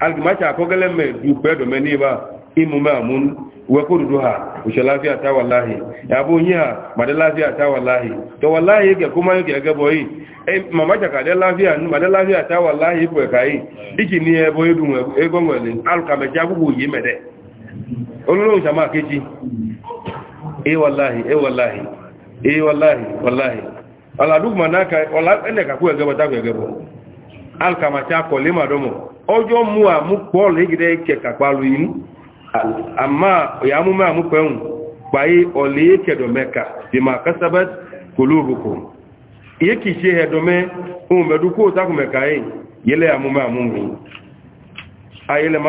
alkimacha akogele me dupe do meni ba imume amun we ko dudu ha o se lafiya ta wallahi ya bo nyi ha ma de lafiya ta wallahi to wallahi ke kuma yake ga boyi e mama ja ka de lafiya nu ma de lafiya ta wallahi ko kai iki ni e boyi dun e gongo le alka me ja gugu yi me de ololo jama keji e wallahi e wallahi e wallahi wallahi ala dugma naka wala ene ka ku ga ba ta ga bo alka ma cha ko le domo ọjọ́ mú àmú pọ́ lẹ́gidẹ́ kẹkàpàlù inú àmá ìyàmú máa mú pẹ̀hùn pàyé ọ̀lẹ́ kẹdọ̀mẹ́ka bí ma kásábẹ́t kò lóòbùkù iye kìí ṣe ẹ̀dọ̀mẹ́ ohun mẹ́dúkú òtákùnmẹ́ka yìí yẹlẹ́ àmú máa mú mi ayẹlẹ́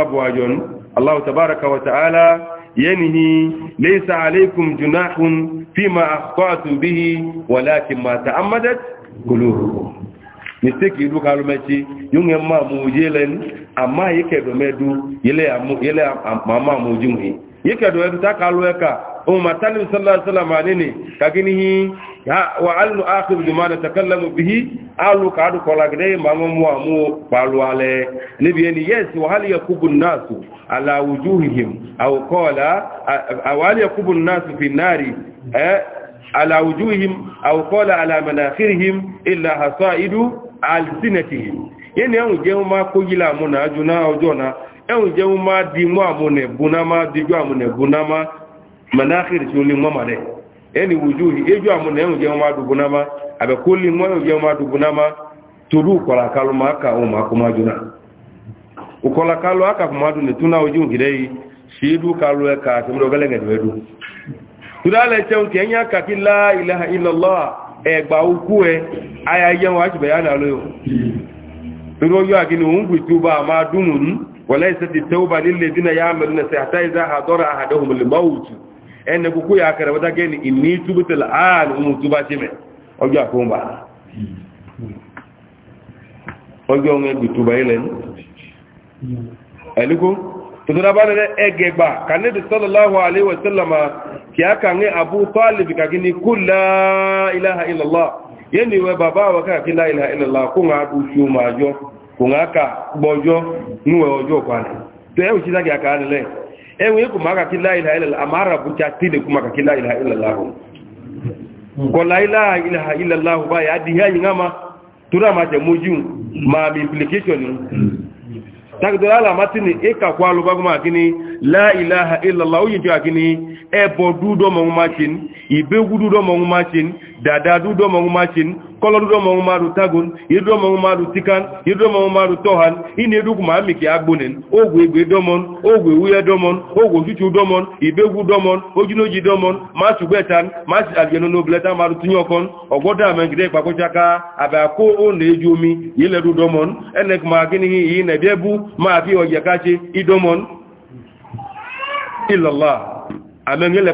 mistake ilu kalu mechi yunge ma mu yelen ama yike do medu yele amu yele mama mu jumhi yike do ta kalu eka o matani sallallahu alaihi wasallam anini kagini hi ya wa alnu akhir bima natakallamu bihi alu kadu kola gde mama mu amu palu ale ni bi ni yes wa hal yakubu nasu ala wujuhihim aw qala aw hal yakubu nasu fi nari eh على وجوههم أو قال على مناخرهم إلا حصائد na yẹni ẹ̀hùn jẹun máa na yílá àmúnà na náà ọjọ́ náà na jẹun máa di mú àmúnà ẹ̀bùnà máa díjú àmúnà ẹ̀bùnà máa manakiri tí ó lè mọ́ màdẹ̀ ẹni wùjú ejú na ẹ̀hùn jẹun máa dùbùnà máa àbẹ̀kó lè mọ́ ẹ̀hùn jẹun máa dùbùnà máa máa ka ohun máa kó ojú yìí ṣèédú àti ẹgbà ukú ẹ ayayẹ wọn àti bẹ̀yà náà lóyún torí ọjọ́ àgínú òun gbì tí ó bá máa dúnmù ní wọlé ìsẹ́tì tẹ́ ó bá nílé dínà yá mẹ́rin náà sí aha ìzá àdọ́rà àdọ́hùnmọ̀lẹ̀ máwùtù tuntura ba da eh, ege ba kanne da sallallahu alaihi wa sallama ki aka ne abu talib ka gini kul la ilaha illallah yeni we baba wa ka ki la ilaha illallah ku nga du shu ma jo ku nga ka bojo nuwe ojo kwa ne to e uchi zaki aka ne e we ku ma ka ki la ilaha illallah amara bu cha ti de ku ma ka ki la ilaha illallah ko la ilaha ilaha illallah ba ya di ha ngama tura ma je muju ma implication takidara alamati ni e kakọ alubagoma akini la'ilaha illallah oyinjo akini ẹbọ dúdọmọ ohun machin ìbégú dúdọmọ ohun machin dàdà dúdọmọ ohun kọlọ dúdọ́ mọ̀ ọmọ tagun ìdúdọ́ mọ̀ ọmọ arù tikan ìdúdọ́ mọ̀ ọmọ arù tọ́han inú edúkù máa mìkì agbónin ogwò egbe dọ́mọ́n ogwò ewúyẹ́ dọ́mọ́n ogwò tútù dọ́mọ́n ìbégú dọ́mọ́n ojúlójì dọ́mọ́n máa ṣùgbẹ́tan máa àgbẹ̀nulóbìlẹ́ta máa máa kí ni yìí nà ẹ̀bẹ́bú máa fi ọ̀yẹ̀ káṣe ìdọ́mọ́n ìlọ́lá àmẹ́gilẹ̀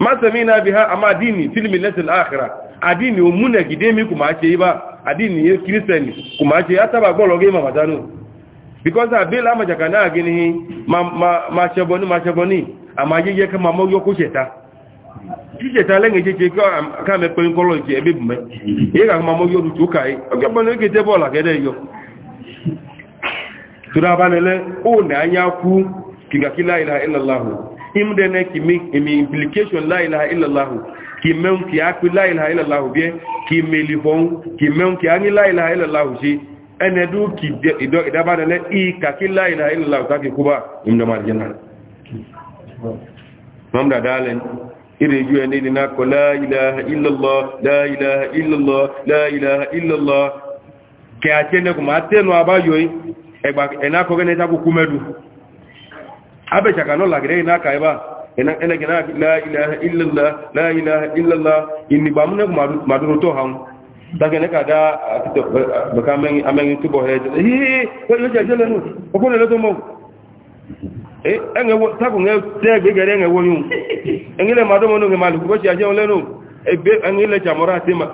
ma samina biha amma dini fil millati al-akhirah adini umuna gidemi kuma ce ba adini ye christian kuma ce ya taba gboro ge ma madanu because abi la ma jaka na gini ma ma ma cheboni ma cheboni amma ye ye kama mo yoko cheta cheta lenge cheche ko ka me pe nkolo je ebe bume ye ka ma mo yoru tuka e o gbo ne gete bola gede yo tura banele o na anya ku kinga kila ilaha illallah imde ne ki mi implication la ilaha illallah ki mem ki aku la ilaha illallah bi ki melifon ki mem ki ani la ilaha illallah ji ene du ki ido idaba ne i ka ki la ilaha illallah ta ki kuba imda mar janna mamda dalen ireju ene ni na ko la ilaha illallah la ilaha illallah la ilaha illallah ke atene ko ma atenu abayo yi egba enako gene ta ku kumedu abechaka nọ lagịrị n'aka ebe a ene gị la ilaha illallah inigba mụ nekwu madụrụ tọ ha dagene ka da baka na-eleto mọ takụ tegbe gere enwe onye enyere mmadụ mọ n'oge mmadụ o chi aje ole nụ ebe enye ilecha mọrọ atị ma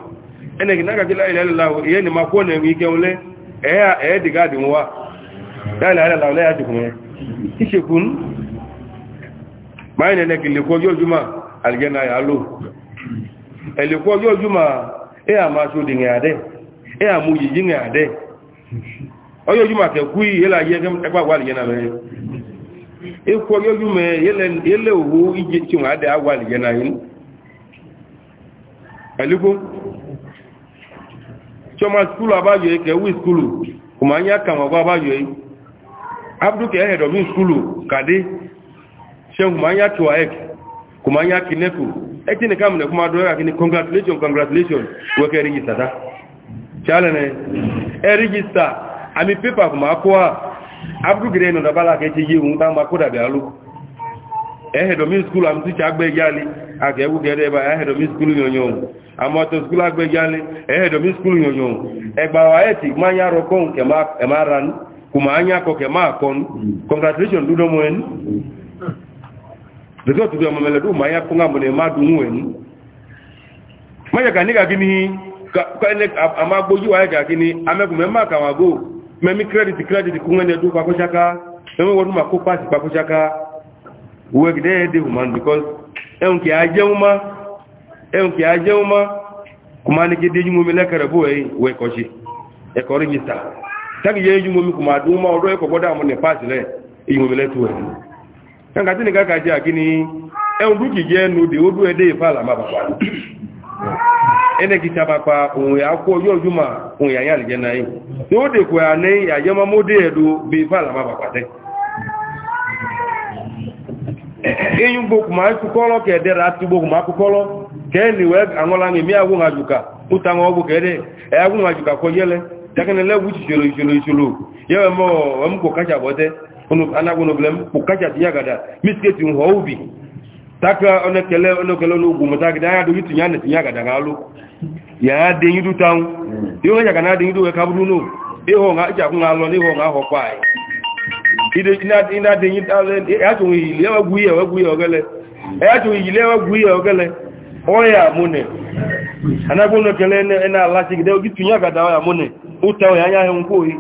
ene gị n'aka gị la ilaha na-emakwu na-enwe ike ole ee dịga adị nwa la ilaha illallah ya ìṣèkún máa ìnẹ̀nẹ̀ kì lèkú ọjọ́ ojúmà àlìjẹ́nà àyàlò ẹ̀lẹ̀kú ọjọ́ ojúmà ẹ àmà aṣòdì rìn àdẹ́ ẹ àmú yìí rìn àdẹ́ ọjọ́ ojúmà kẹkú ìyẹ́lá yẹ ẹgbàgbà àlìjẹ́nà mẹ́rin ikú ọjọ́ ojúmà yẹlẹ̀ òwú ìjẹ́ tí wọ́n àdẹ́ àgbà àlìjẹ́nà yìí ẹ̀lẹ́kú tí ọmọ yìí yìí abduke head of school kade shen kuma ya tuwa ek kuma ya kineku eti ne kamune kuma do yakini congratulations congratulations we ke register ta chala ne e register ami paper kuma kwa abdu gire no da bala ke ti yiwu ta ma school am ti chagbe yali agewu ba e head of school yonyo àmọ́ tó skúlá gbẹ́gbẹ́ ní ẹ̀ẹ́dọ̀mí skúlù yòyò ẹgbàwà ẹ̀tì máa yàrọ̀ kóhùn kuma anya ko ke ma kon congratulation du do moen de ko tu do mamela du ma ya ko ngam ne ma du moen ma ya kani ga gini ka ne ama gboju wa ga gini ameku me ma ka wa go me mi credit credit ku ngene du pa ko chaka me wonu ma ko pass pa ko chaka we gide de human because en ki aje uma en ki aje uma kuma ni gidi mu mi le karabo e we ko chi e ko register taki ye jumo mi kuma dun ma odo e ko goda mo ne pass le ijumo le tu e nka tin ka ka je akini e un duki je nu de odu e de fa la ma papa ene ki taba pa un ya ko yo juma un ya yal ma mo de edu bi fa ma papa te angola ni mi awu ngajuka utango bu ke de e awu ngajuka ko takene lewu cholo cholo cholo yewe mo amko kacha bote unu anagono blem kacha tinya gada misketi un hobi taka one kele one kele no gumo taka da ya do yitu nyane tiya gada galu ya de yidu yo ya kana de yidu we kabru no iho nga ja ku ngalo ni ho nga ho kwai ide ina ina de yidu ale ya to yi lewa wa ogele ya to yi lewa ogele oya mune anaghị ụlọ ekele na-alachigide oge tinye agada ya mụ na ụta onye anya ahụ nkwụ oyi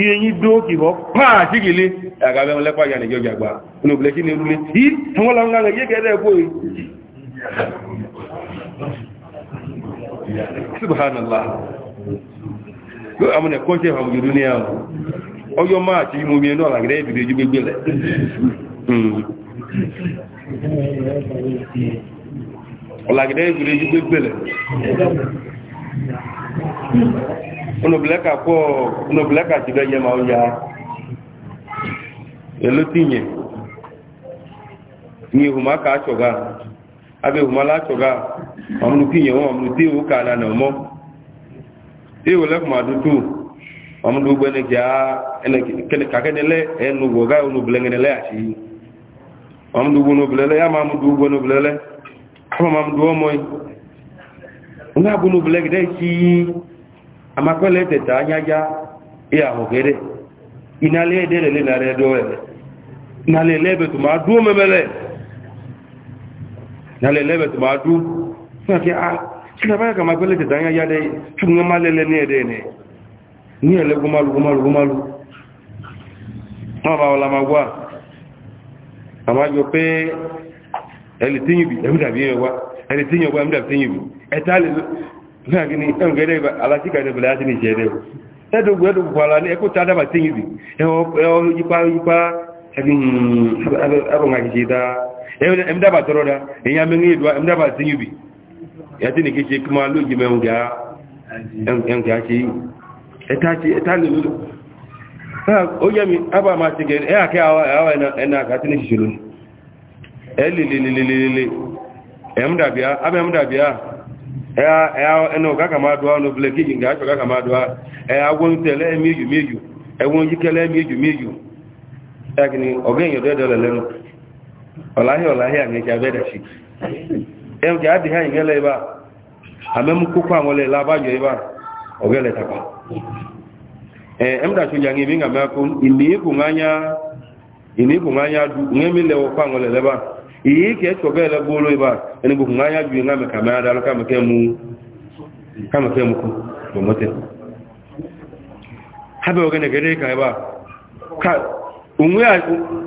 ihe nyi do ka ịbọ paa chigili agabịa nlekwa ya na gị oge agba n'obule si na-erule i nwụla nwa gị ga-ede ekwu oyi subhanallah amụna kọche ha mgbe duniya ahụ ọjọ maachị ime omie n'ọla gịrị ebiri ejigbe ọ̀làgídẹ́ ìgbèrè yí gbégbèlẹ̀ onòbìlẹ́kà pọ̀ onòbìlẹ́kà ti bẹ́ nye ma ó ya èló tí yẹn ní ìhùmá achọga ṣọ̀gá abẹ́ ìhùmá láṣọ̀gá ọmọdún kí yẹn wọ́n ọmọdún tí ìhù ká lánà mọ́ tí ìhù lẹ́kùnmá dúdú ọmọdún na kàkẹ́nẹ́lẹ́ ẹnu wọ̀gá onòbìlẹ́ngẹ́nẹ́lẹ́ àṣírí ọmọdún gbẹ́ nga bụ n'obele gide chi amakpele eteta anya ja ịahụgede ịnala edelele nara edoele nala elebetumadu omemele nala elebetumadu sake a sinabaya ka amakpele eteta anya ja de chukwunye malele n'edene ní ẹ̀lẹ́gún málu gúnmálu gúnmálu wọ́n bá ọlá ma gbá àmájọ pé ẹni tí yìí bi ẹ̀mí dàbí wá ẹni tí yìí wá tí yìí bi ẹ̀ta lè náà gini ẹ̀mí gẹ́dẹ́ ibà aláti ka ẹ̀dẹ́gbẹ̀lẹ́ àti ní ìṣẹ̀dẹ́ ẹ̀dùnkù ẹ̀dùnkù ní ẹ̀kọ́ tá tí yìí bi ẹ̀họ́ yípa yípa ẹ̀mí ẹ̀rọ̀ǹgà kìí da elililililili emdabia abe mdabia ya ya eno madua no bleki cho madua e lili tele miju miju e won jikele miju miju lakini ogenyo dede lelenu olahi olahi ani jabeda shi em ke adi han ngele ba amem kukwa ngole labajo ba ogele tapa e emda chunya ngi binga makun ini kunganya ini kunganya du ngemile ngole iyi ka ekobe ele gbolo ebe a enugbu nga anya bi nga dala ka meka mu ka meka mu ko bo mote habe ogene gere ka ebe a ka unwe a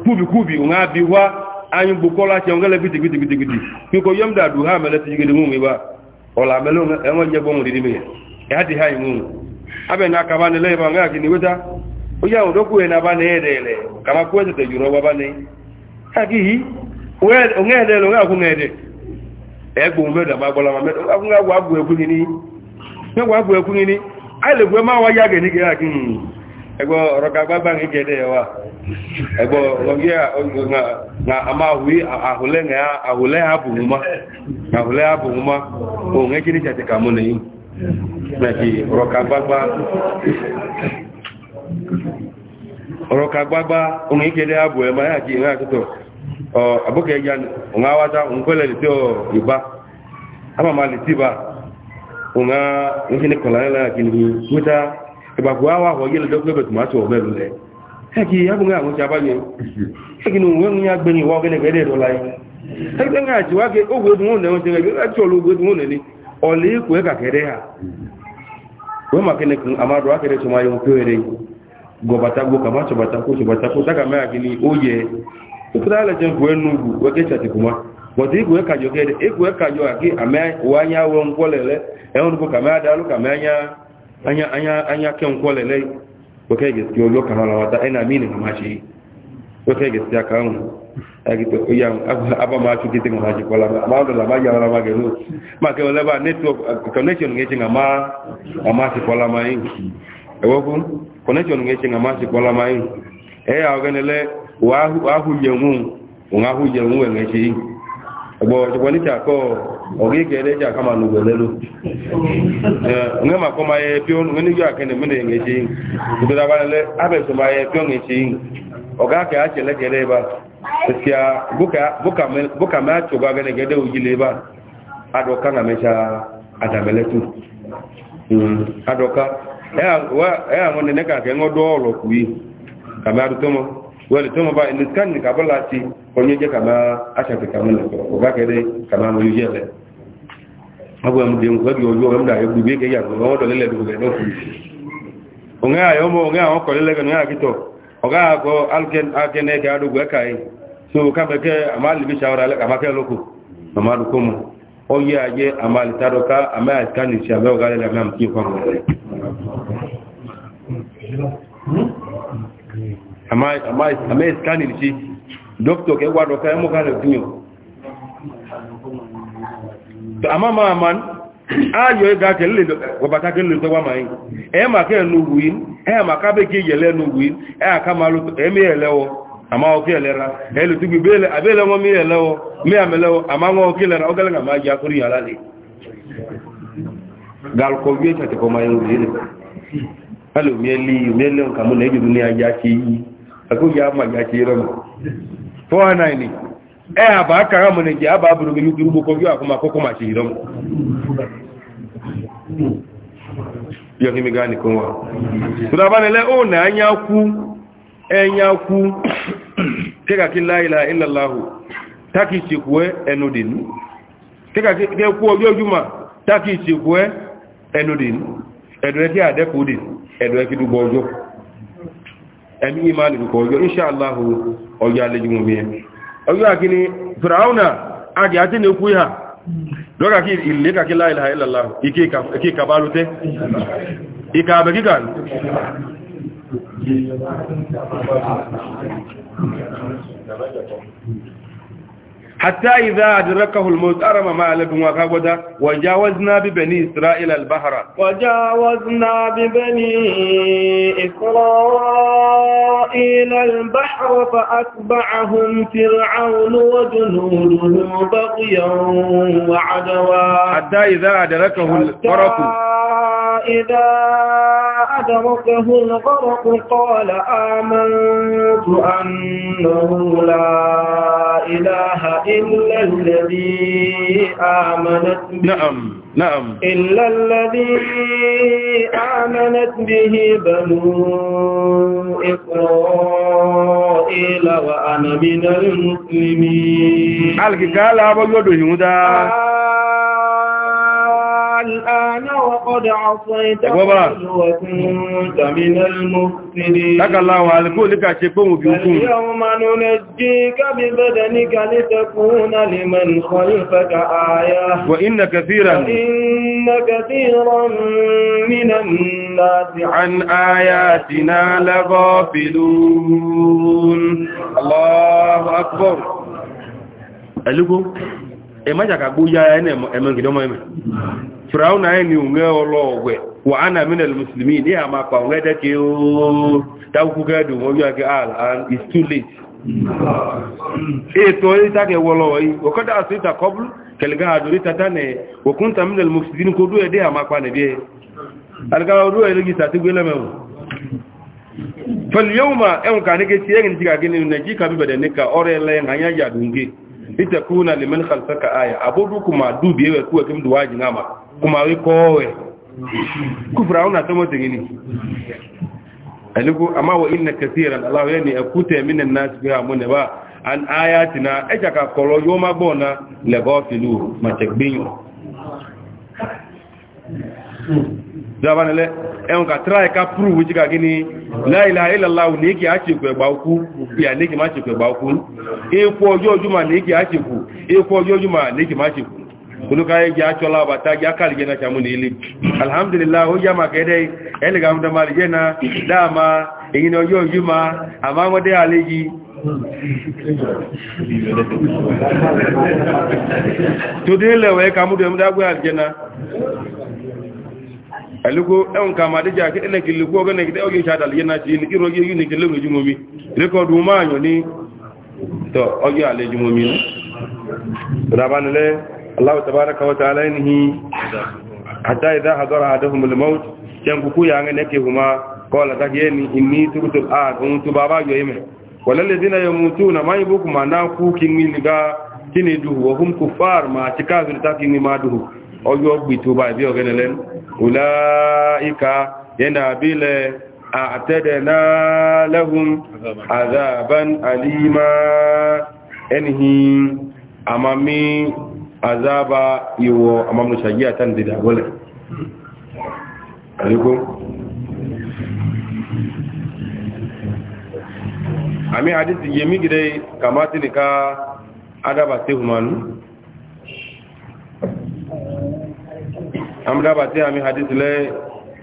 kubi kubi unga bi wa anyu bukola che ongele biti biti biti biti kiko yom da du ha mele ti gidi mu e a ola mele enwo nye bo mu didi ya ha na ka ba a le ba nga kini weta oya ba kama ba onye lo ngaku ngede egbo mbe da magbola ma medo ngaku ngaku abu gwe ma wa ya geni ge akin egbo roka gbagba ngi gede wa egbo longia nga nga ama wi ya nga ahule abu nguma ahụle abu nguma ahụ ngi kini chate kamune yi na roka gbagba roka gbagba ongi gede abu e ma ya abúkẹ́ ẹja ọ̀nà awáta òǹkọ́lẹ̀ lè tí ọ ìbá àmàmà lè tí bá ọ̀nà ìṣẹ́ni kọ̀láyẹ́lá kìnnìkì kúta ìgbàgbọ́ àwọn àwọn yẹ́lẹ̀ dọ́gbẹ́ bẹ̀tù máa tọ̀ ọ̀bẹ̀ lulẹ̀ ẹ̀kì yàgùn àwọn ti abáyé ẹ̀kì ni òun yà gbẹ̀yìn ìwà ọ̀gẹ́nẹ̀ gẹ́dẹ̀ lọ́la yìí ẹgbẹ́ ń àti wákẹ́ owó ẹdùn òun nẹ̀wọ̀n tẹ̀lẹ̀ gbẹ́gbẹ́ tí ọlọ́gbẹ́ ẹdùn òun nẹ̀ni ọ̀lẹ́ ikú ẹ̀kà kẹ́dẹ́ hà wọ́n mà kẹ́nẹ̀ kún àmàdùn akẹ́dẹ́ tó máa yọ pé ẹ̀rẹ́ gọ̀bàtà gbọ́ kàmá tọ̀bàtà kó ụtara leje gwe n'ugwu weke kuma bọtụ igwe kajọ gị igwe kajọ nkwọlele ka ka anya anya anya ka wata mini na mini ha machi weke aka ahụ ya abamachụ gị dị ha machi kwala ma ọdụ ya ma na ma ahụje nwe enwechi gbọchekwa n'iche akọ ọga eji aka ma na ugbelelu eh, nwe maka ọmaya pio nwene gị aka na-eme na enwechi obere abalele abesomaya pio nwechi ọga ka a chele ebe a bụka me achụgwa gị na ebe a na mechaa adameletu adọka ya nwe nene ka nke ka me adụtụ wale tuma ba in kan ni kabala ti konye je kama acha ke kama ko ko ga kede kama mo yuje le abu am de ngwa yo yo amda yo bibe ke ya ko do le do no ko nga yo mo nga ko le ga nga kito o ga ko alken akene ke adu ga kai so ka be ke amal bi shawara le kama ke loko mama du ko o ye aje amal taroka amal kan ni shabe o ga le na mti ko mo Hmm? àmá ìskánì ṣe dókítọ̀ kẹwàá dọ̀ká ẹmọ́ká rẹ̀ fún yọ àmá máa ma ayọ̀ ẹgbà kẹlẹ̀ ọbàtà kẹlẹ̀ tọ́wà máa yìí ẹ̀ẹ́mà kẹ́ẹ̀nù wùín ẹ̀ẹ́mà kábẹ́kẹ́ yẹ̀lẹ́nu wùín ẹ̀ẹ́ká máa lọ ẹ̀mí ẹ̀lẹ́wọ́ àmá ọkẹ́ ẹ̀lẹ́ra ẹ̀lùtù gbígbé abẹ́lẹ́wọ́ mí ẹ̀lẹ́wọ́ mí àmẹ́lẹ́wọ́ àmá wọn ọkẹ́ ẹ̀lẹ́ra máa jẹ́ akórí yàrá ẹlòmí ẹlẹ́ ìmẹ́lẹ́ nǹkan lẹ́jọ́ ní ajá ṣe yìí agogo ya ma ya kire mu 490 ẹ aba kara mu ne je aba aburu bi yugo ko yo akuma ko kuma ci dom yo ni gani ko wa kuda bane le o oh, na anya ku ku tega ki la ilaha illa allah taki tega ki ẹ̀mí ìmáàlì kòkò ọjọ́ inṣàláhù ọjọ́ alẹ́jùmọ̀ mi ọjọ́ àkíní fìràúnà àti àti ní okú ìhà lọ́gà kí ilé kàkí láìláà ìlàlá ike kàbálútẹ́ ika abẹ́gígà ní حتى إذا أدركه الموت أرم ما لبن وكابدا وجاوزنا ببني إسرائيل البحر وجاوزنا ببني إسرائيل البحر فأتبعهم فرعون وجنوده بغيا وعدوا حتى إذا أدركه القرق إذا أدركه الغرق قال آمنت أنه لا إله إلا الذي آمنت به نعم نعم إلا الذي آمنت به بنو إسرائيل وأنا من المسلمين قال قال أبو يدهي الآن وقد عصيت وكنت من المفسدين اليوم ننجيك ببدنك لتكون لمن خلفك آية وإن كثيرا وإن كثيرا من الناس عن آياتنا لغافلون الله أكبر ألقوا ẹ̀mọ́jàkàgbó yára ẹ̀nà ẹ̀mọ́ ìgbìdọ́mọ́ ẹ̀mẹ́ firaun ayi ni unge olo we wa ana min al ni ama pa unge da ke o ta ku ga du wo ya al ah, and it's too late e to yi ta ke wolo yi o ko da su ta qabl kel ga aduri ta ne, wa kunta min al mufsidin ko du e de ama pa ne bi al ga du e legi ta ti gbele mewu fal yawma en ka ne ke ti yen ti gini ne ji ka bi bade ne ka ore le nganya ya dunge litakuna liman khalfaka aya abudu kuma dubi e ku ke mdu waji ngama kumawe kowe kufra una tomo tingini aliku amma wa inna kaseeran allah yani akute minan nas biha munne ba an ayatina ejaka kolo yo magbona le gofilu matekbinyo dabana le en ka try ka prove jika gini la ilaha illa allah ni ki achi ku egba oku ya ni ki ma chi ku egba oku e ku ojo ojuma ni ki achi ku e ku ojo ojuma ni kuluka ye ja chola bata ja kal jena chamuni ili alhamdulillah o jama kede ele gam da mal jena dama ino yo juma amango de aliji today kamu de mda gwa jena alugo en kama de ja kede ki lugo ni iro ge yuni ke lengo jumomi record ma yo ni to o ge ale jumomi rabanle Allah tabaraka wa ta'ala inhi hatta idha hadara ahaduhum al-maut yanku ku yanga nake huma qala takiyeni inni tubtu al-an untu baba yoyime walladhina yamutuna ma yubuku mana ku kiniliga kinidu wa hum kuffar ma tikazul takini maduhu ojo gbitu ba bi ogenelen ulaika yana bile a'tadna lahum azaban alima enhi amami azaba iwo amamnu shagiya tan dida wale alaikum ami hadisi yemi gidai kamata ne ka adaba te humanu am daba te ami hadisi le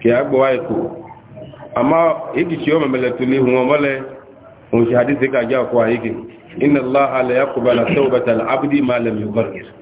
ke agbowa iko amma yake ciyo mamalatu hun wamale hun shi hadisi ka ja ko ayike inna allaha la yaqbalu tawbatal abdi ma lam yughayyir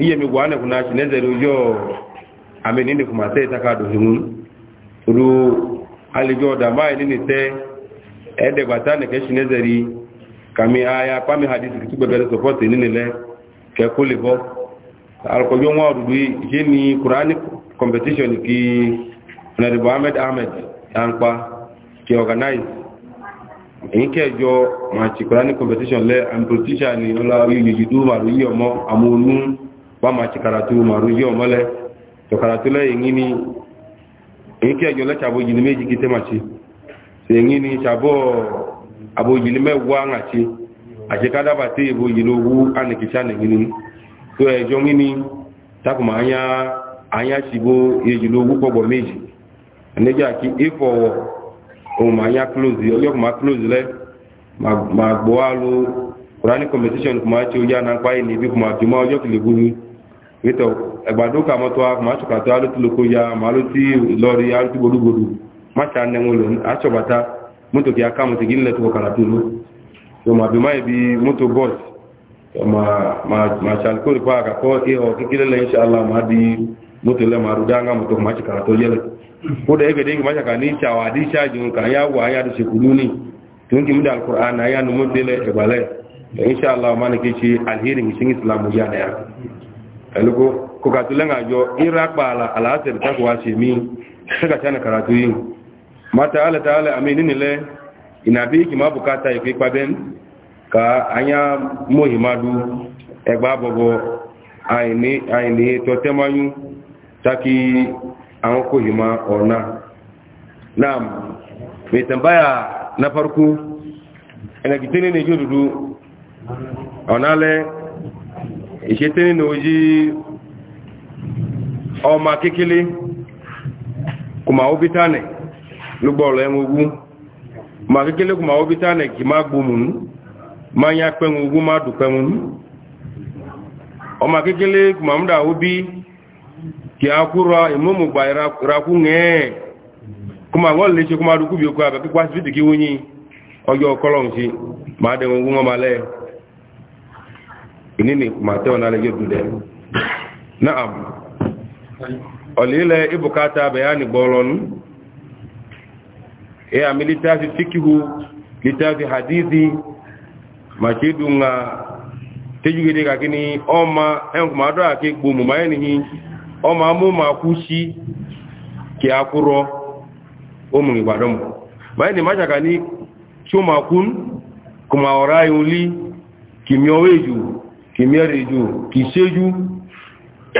iye mi gwa ne kuna ci ne zero yo ame ni ne kuma sai ta ka do himun ru alijo da mai ni ne te e de gbata ne ke ci ne zeri kami aya pa mi hadisi bere support ni le ke ko alko yo wa ru yi ni quranic competition ki na de Muhammad Ahmed anpa ki organize in kejo ma ci quranic competition le am politician ni ola yi yi du ma ru yi omo wama ci karatu maru yo male to karatu le ngini eke ajo le chabo jini meji kite machi se ngini chabo abo jini me wa ngachi aje kada bati bo jini wu an kichane ngini to e jo ngini takuma anya anya sibo e jini wu ko bo meji neja ki ifo o ma anya close yo ma close le ma ma gbo alu Quranic competition kuma ci o ya na pa ni bi kuma bi ma ojo kile guru ìtọ̀ ẹgbàdó ka mọ́tọ́ àmàṣọ́kàtọ́ alótìlókó ya màálótì lọ́rí alótì gbogbogbò máṣà nẹ́wọ̀n lọ aṣọ́bàtà mọ́tò kí aká mọ́tò gílẹ̀ tó kọkàrà tó ló tó ma bí máa ibi mọ́tò bọ́s ma ṣàlùkò rí pa àkàkọ́ ihò kékeré lẹ́yìn ṣàlá ma di mọ́tò lẹ́ ma rúdá ńgá mọ́tò máṣì kàrà tó yẹlẹ̀ ó dẹ̀ ẹgbẹ̀dẹ̀ kì máṣà kà ní ṣàwà àdí ṣáàjù kà ń yá wà á yá ti ṣèkú lónìí tó ń kí mú dàlùkù àná yá nu mọ́tò lẹ́ ẹgbàlẹ̀ inshallah ma ní kí ṣe alheri ní ṣe islam yá náà ẹlùkú kòkàtù lẹ́ngàjọ ìrápàálà aláàtẹ̀ ìtàkùwà ṣe mí ṣẹ́gàṣánà karatu yìí mata alẹ́tàálẹ̀ àmì nínilẹ̀ ìnàbí ìkìmá bukata ìpé pàbẹ́n ka anya mọ́hìmádú ẹgbà bọ̀bọ̀ àìní tọ́tẹ́máyú taki àwọn kòhìmá ọ̀nà náà mai tambaya na farko ẹnàgìtẹ́ nínú ọ̀nà lẹ́ ìṣẹ́tẹ́ nínú ojí ọmọ kékeré kùmà ó bí tánẹ̀ lúgbọ̀ọ̀lọ́ ẹ̀wọ̀n ogún ma kékeré kùmà ó bí ma kì má gbómùn má yá pẹ́wọ̀n ogún má dùn pẹ́wọ̀n ọmọ kékeré kùmà obi kì á ìmọ́mùgbà ìrakú lè ṣe bí okú àbẹ̀kíkwá sí wúnyí ọjọ́ nini mateo na lege dude na'am olile ibukata bayani bolon e amilitafi fikihu litafi hadithi machidunga tejugede kakini oma enkuma eh, ado ake gbomu mayenihi oma mu ma kushi ki akuro omu igbadom mayeni machakani chumakun kuma orayuli kimyoweju kì mẹ́rin kìí kì ṣéjú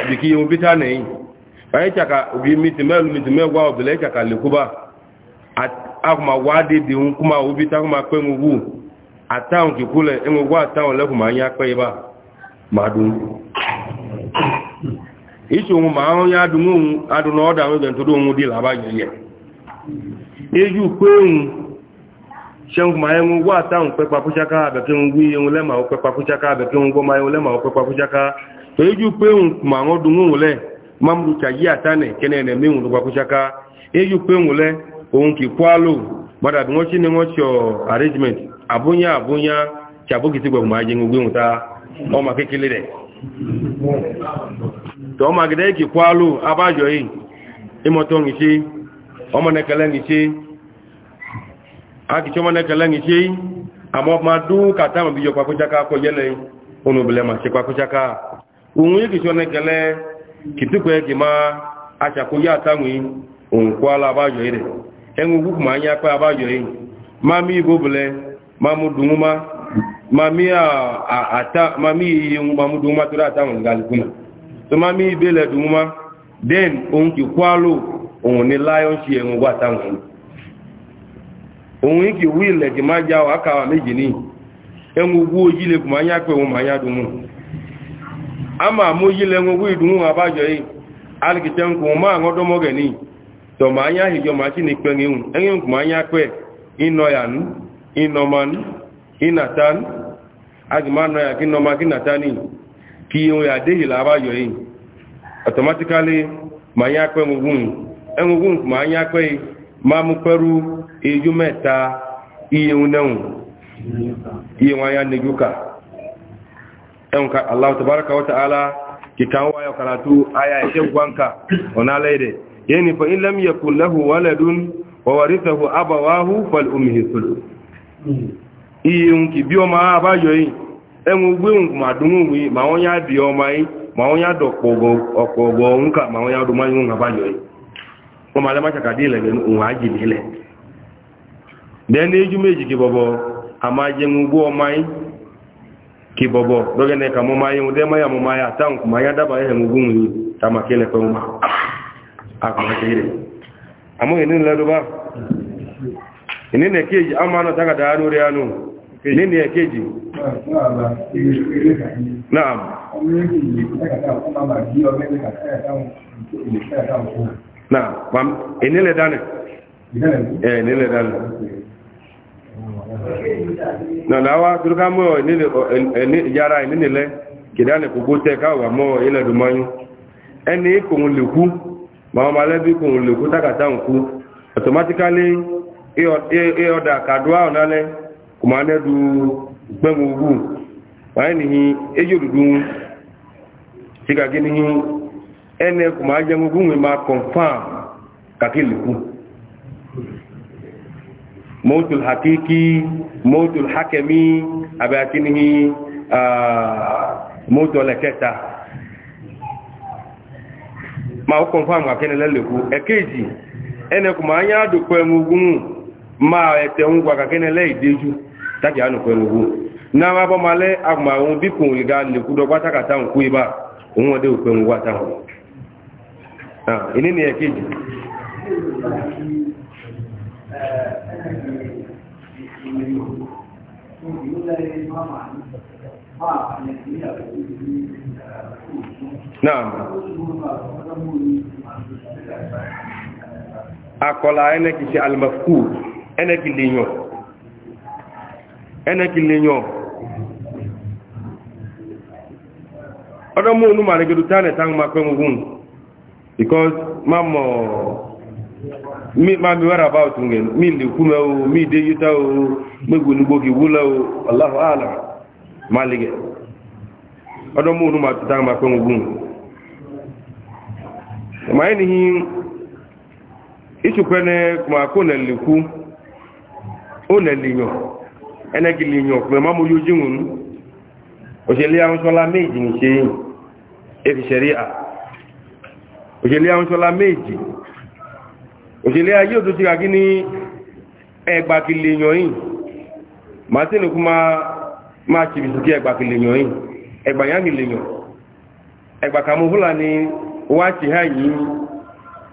bí kí yóò bí tá nẹ̀yìn báyé ìtàkà òbí mìtì mẹ́lú mìtì mẹ́wàá ọ̀bẹ̀lẹ̀ ìtàkà lè kóbá akùnmà wá dédé ń kúmà òbí tá kúmà pẹ́ ń wù àtàwọn kìkúlẹ̀ ma wù àtàwọn shan kuma yin wa ta un pepa puchaka abeke un wi un lema o pepa puchaka abeke un goma yin lema o pepa puchaka to yiju pe un kuma won dun eju pe un le ohun ki ni won arrangement abunya abunya chabu kiti gbo ma je ngwe un to ma gede ki kwalo abajo yi imoto akichoma na kalangi chei amo madu kata mabiyo kwa kuchaka ko yele ono bele ma kwa kuchaka unwi kichona kele kitukwe kima acha ko ya tanwi unkwala bajo ire engu gugu manya kwa bajo ire mami bobele mamu dunguma mami a ata mami mamu dunguma tura tanwi ngalikuna to mami bele dunguma den onki kwalo on ni lion chi onwe ike wu ile gị ma ji ahụ aka awa meji n'ihi enwe ugwu ojile bụ manya akpa enwe manya dunwu ama ama ojile enwe ugwu idunwu ha abajọghị alịgide nkwụ ma aṅụdụm oge n'ihi ma anya ahịjọ ma chineke enwe ya ya ma anya akpa enwe ugwu ugwu máa mu pẹ́rú ejú mẹ́ta iye unẹ́hùn iye wọn ya nìjú ka ẹ̀hùn ka wata ala kìkà ń karatu aya ẹ̀ṣẹ́ gwanka ọ̀nà aláìdẹ̀ yẹ́ ni fa ilẹ̀ mi yẹ̀kù lẹ́hù wàlẹ̀dún wọ̀wọ̀rísẹ̀hù abàwáhù pẹ̀lú omi hìsùlù iye ń kì bí ọmọ abáyọ̀ yìí ẹ̀hùn gbé ń ma dùn ún yìí mà wọ́n yá wọn ma lẹ́mọ́ ṣàkàdé ilẹ̀ ní òun àjì nílẹ̀ dẹ́ni ejú méjì kì bọ̀bọ̀ àmà ọmọ yìí kì bọ̀bọ̀ lọ́gẹ́ ní ẹ̀ka mọ́mọ́ ayé wọn dẹ́ mọ́yà mọ́mọ́ ayé kùmọ̀ ayé dábàá ẹ̀hẹ̀ na pam enile dane eh enile dane na lawa turuka mo enile eni yara enile kidane kugo te ka wa mo ile du mayu eni ko le ku ma ma le bi ko le ku takata nku automatically e e oda kadua onale kuma ne du gbemu ugu wa ni ejodudu siga gini ene kuma ajangu gumi ma confirm kakili ku mautul hakiki mautul hakemi abakinihi ah, mautul keta ma o confirm kakene lele ku èkejì ene kuma anya adu kwemu gumu ma ete ngwa kakene le ideju taki anu kwemu gumu na ma bo male agma bi bikun liga le ku do gwa takata un ku iba un ode ukwe ngwa tawo Ah, ilé ni ẹ̀kejì náà akọla ẹnẹ́kì ṣe alìmọ̀fúkú ẹnẹ́kì lèyàn ẹnẹ́kì lèyàn ọdọ́mọ́ onúmọ̀ àrẹ́gẹ̀dù tánẹ̀ tánù ma pẹ́ mú hùn because mamo mi ma mi wara about nge mi li kume o oh, mi de yuta o oh, mi gunu gi wula o oh, allah ala malige odo mu numa ta ma ko ngun ma ni hin ichu kwene kuma ko na liku o na linyo ene gi linyo pe mamu yujinun o se le awon sola meji ni se e fi sharia òṣèlé àwọn ìṣọ́lá méjì òṣèlé ayé òtò ti kàkí ní ẹgbàkìlè ma martin kú máa ṣe bìsìkí ẹgbàkìlè yọ̀yìn ẹgbàyàmìlè yọ̀ ẹgbàkàmù húlà ní wá ṣe há yìí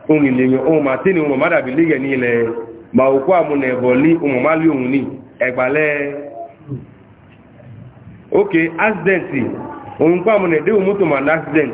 ohun ìlè ohun martin ohun mọ́dàbí lè yẹ̀ ní ilẹ̀ ma òkú àmúnà ẹ̀bọ̀ lé ohun lé ohun ní ẹgbàlẹ́ ok accident ohun kú àmúnà accident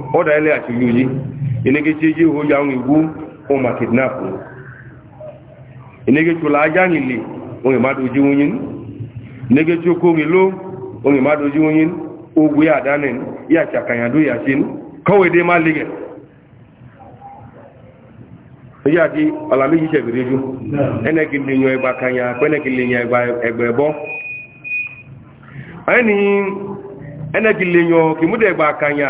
ọ̀dà ilẹ̀ àti yóyí inégechi eji ihu ya ń igwu ụmụ kidnap inégechi ụlọ aja nile onye mmadụ oji nwunye oke onye lo onye mmadụ oji nwunye ogwu ya adanin ya chakanyado ya chin kọwee dị ma lige oyi àti ọ̀là ṣẹ̀gbẹ̀rẹ̀ ẹnẹ́kì lè yan ẹgbà kanya lè yan ẹgbà ẹnẹ́kì lè yan kìmúdẹ̀ ẹgbà kanya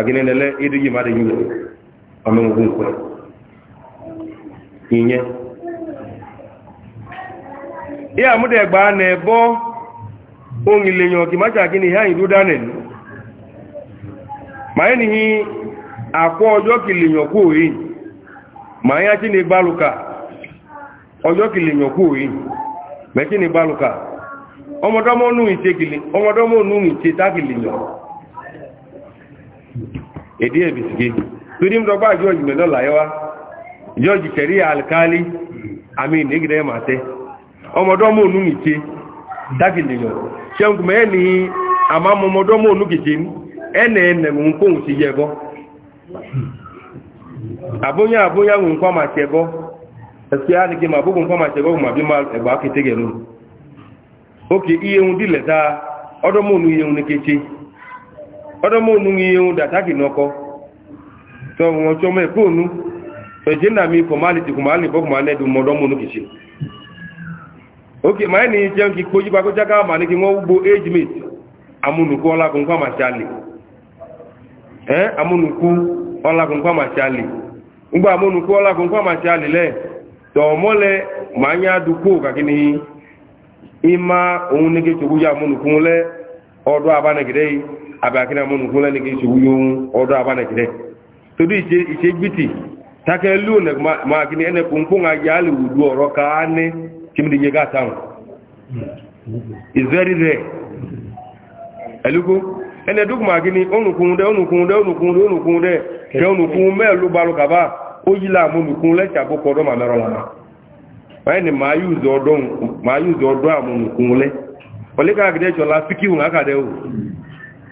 ak yeneen ne la idu yi maa de ñu am na mu bu ñu ñe yaa mu dee gbaa ne bo o ngi le ñoo ki ma caa kini yaa ngi du daane ni maa ni ñi a koo jo ki le ñoo kuu yi maa yaa ci ni balu ka o jo ki le ñoo kuu yi mais ci ni balu ka ɔmɔdɔmɔ nu yi tse kili ɔmɔdɔmɔ nu yi tse ta kili ɲɔgɔn. èdè ebe torí ń dọgbà george mẹ́lọ́ làyọ́wá george ya alikali àmì ìnégidẹ́ màtẹ́ ọmọdọ́mọ ònú nìtse dákìlìyàn ṣẹ́nkù ama ní àmà ọmọdọ́mọ ònú kìtse ẹnẹ ẹnẹ nǹkóhùn ti yẹ bọ́ àbóyá àbóyá nǹkan máa tẹ bọ́ ẹ̀sẹ̀ á ní kí màá ma nǹkan máa oke ta iye ọdọ́mọ́ onú ihe ohun dàtàkì nọkọ tọ wọn tí ọmọ ẹ̀kọ́ onú ẹ̀jẹ́ nà mí kọ̀málì ti ma bọ́ kọ̀málì ẹ̀dùn mọ́dọ́mọ́ onú kìí ṣe ókè máa ní jẹ́ kí kójú pa kọjá káàmà ní kí wọ́n gbó age mate amúnukú ọlákùnkú àmàṣálì tọ̀ọ̀mọ́lẹ̀ máa ń yá ìmá òun ní kí lẹ́ yìí abakina mun kula ni ki suyun odo abana kide to di je ise gbiti take lu ma, ma kini ene kun kun a yali wudu oro ka ni kimdi je ga tan is very there ene duk ma de de de de ke me lu kaba o le do ma mero la ma ma ma le chola o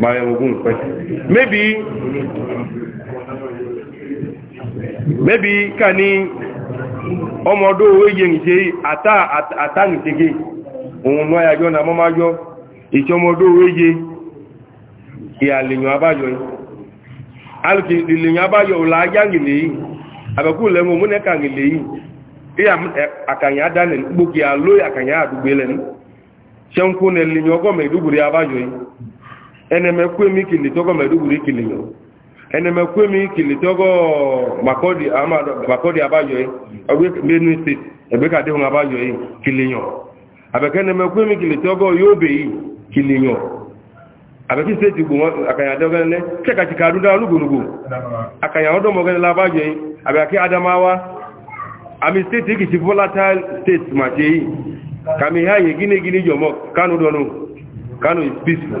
ma ya ogun pe maybe maybe kani ọmọdé owó yẹ ní ṣe àtànìtege òun náà yàjọ́ na mọ́májọ́ ìṣọmọdé owó yẹ ìyàlèyàn abáyọ̀ alìkìlèyàn abáyọ̀ òlà ayáǹgìlè yìí àbẹ̀kú lẹ́mọ̀ múnẹ́kàǹgìlè yìí àkànyà dánẹ̀ àlóyè àkànyà enemekwemi kili togo maiduguri kili yo enemekwemi kili togo makodi ama makodi abayo yi e. ogbe benue state ebe ka dehun abayo yi e, kili yo abeke enemekwemi kili togo yobe yi kili yo abeke state gbo akanya dogo ne cheka chika ruda lugurugu akanya odo mo gele abayo yi e, abeke adamawa ami state ki si volatile state ma je yi kami ha ye gine gine jomo kanu donu kanu is peaceful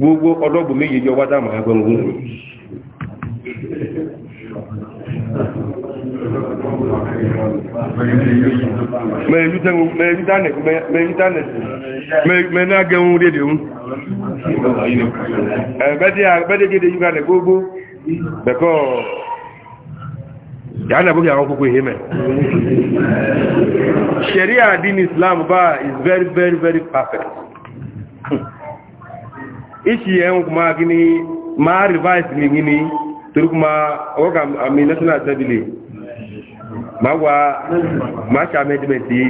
gbogbo ọdọ́gbò méje jọ wá dáàmà agbẹ̀mùgbò rẹ̀ mẹ́rin agẹ̀hún gbogbo bẹ̀kọ́ islam bá is very very very perfect ishi yan kuma gini ma revise mi gini turu kuma waka ami national assembly ma wa ma sha amendment yi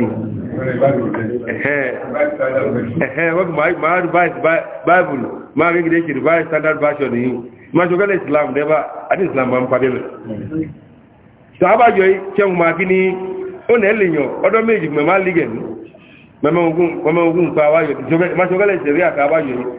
ma revise bible ma gini gini revise standard version yi ma shugaba islam da adi a ti islam ba n fabe mai so abajo yi cewa ma gini o na eleyan ọdọ méjì mẹ́má ligẹ̀ ní mẹ́mẹ́ ogun pa wáyọ̀ ma ṣogẹ́lẹ̀ ìṣẹ̀rí àkàwáyọ̀ yìí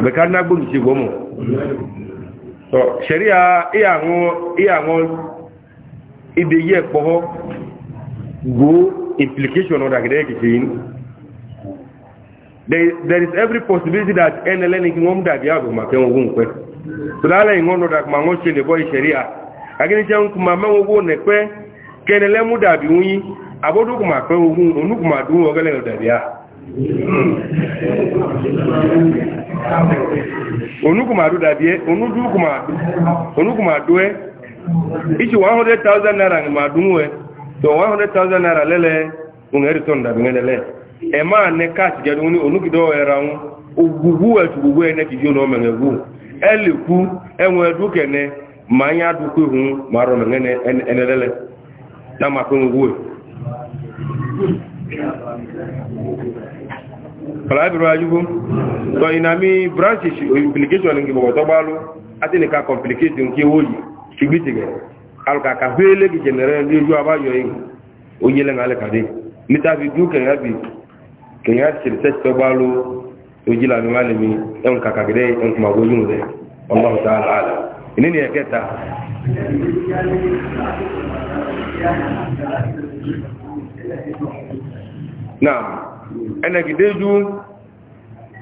àbẹ̀ká ní agbóhùn sí gbọ́mù tọ́ ṣẹ̀rí ìyàwọn ìdè yí ẹ̀pọ̀ go implication ọ̀dà gẹ̀dẹ̀ kìí ní there is every possibility that ẹni kí wọ́n dàbí ogun pẹ́ tó dálẹ̀ ìwọ́n ọ̀dà kùmà wọ́n ṣe lè bọ́ ìṣẹ̀rí à ń kùmà mẹ́wọ́n nẹ̀pẹ́ onukuma do dabie onudu kuma onukuma do e ichi 100000 naira ma dunwe to 100000 naira lele ungeri ton da ngene le e ma ne cash ga dunu era un e ene ki no mengu enwe ma nya du ku ene lele na ma palabiru ajugo to inami branches implication ngi bo to balu atini ka complication ki woyi kigbitige aluka ka hele gi general ni ju aba yo yin o yele ngale ka de mita bi du kan abi kan ya ti se to balu o jila mi male mi en ka ka gede en kuma go yun de allah ta'ala ala inini ya keta Naam. ẹnẹgìdéjú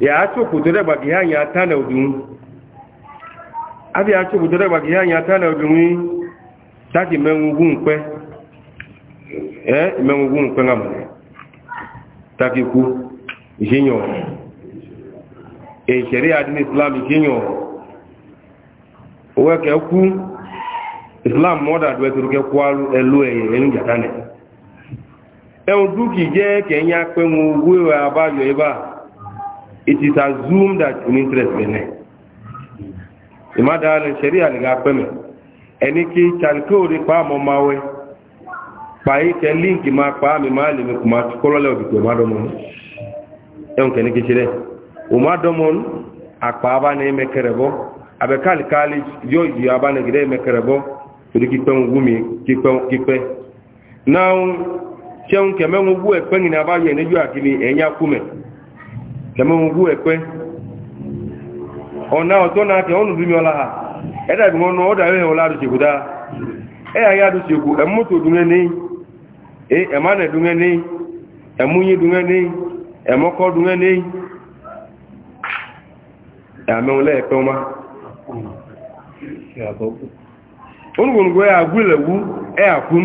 yà á tó kò tó dẹ́gbà kì í yà tánà òdùn ábí á tó kò tó dẹ́gbà kì í yà tánà òdùn yìí táti mẹ́wùgún pẹ́ ẹ́ mẹ́wùgún pẹ́ ńlá mọ̀ kú ìṣẹ́yàn ìṣẹ̀rí àdínì islam ìṣẹ́yàn owó ẹ̀kẹ́ kú islam mọ́dà dùn kú ẹlú ẹ̀yẹ̀ ẹun dúkì jẹ́ kẹ̀yìn apẹ̀wọ̀n owó ẹ̀wà àbáyọ̀ it is assumed that you interest bẹ̀rẹ̀ ìmádà rẹ̀ ṣẹ̀rí àlìgá pẹ̀mẹ̀ ẹni kí chalikó rí pa àmọ́ máa wẹ́ pàyí kẹ líǹkì máa pa àmì máa lè mẹ́kù máa kọ́lọ́lẹ̀ òbí pẹ̀ mádọ́mọ́ ẹun kẹ̀ ní kí ṣẹlẹ̀ ò mádọ́mọ́ àpá abáni mẹ́kẹrẹ bọ́ abẹ́kálì chewu keme ngwu ekpe ngi na abaye ne jua kini enya ekpe na ha bi ya ya ni e emane dunge ni emunyi dunge ni emoko dunge ni e ame ole ekpe ma onu gongo ya gwile wu e akum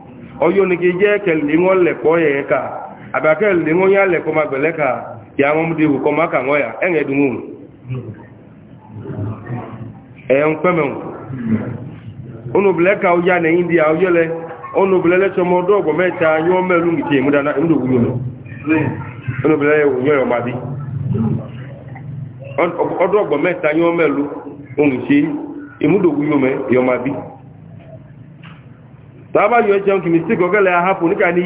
ọjọ́ ní kí jẹ́ kẹlì wọ́n lẹ̀kọ́ yẹ ká àbákẹ́lì wọ́n yá lẹ̀kọ́ ma gbẹ̀lẹ́ ká kí àwọn ọmọdé ìwò kọ́ máka wọ́n yà ẹ̀rẹ̀ dùn ún ẹ̀yàn pẹ́mẹ̀hùn onùbìlẹ́ka ọjá ní india ọjọ́lẹ̀ onùbìlẹ́ lẹ́sọmọ ọdọ́gbọ̀ mẹ́ta taba yọ jẹun kì mistake ọgẹ́lẹ̀ ahapù níkà ní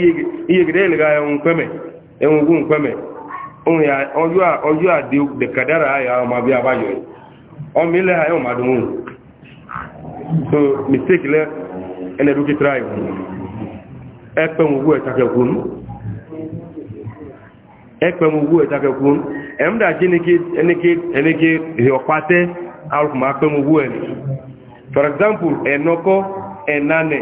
iyegide ìlera ẹ̀hùn pẹ́mẹ̀ ẹ̀hùn ogun pẹ́mẹ̀ ya àdé dẹ̀kàdára ayà ọmọ bí abáyọ̀ ya ma so mistake lẹ ẹnẹ̀dúkì try ẹpẹ̀hùn ogún for example Enane.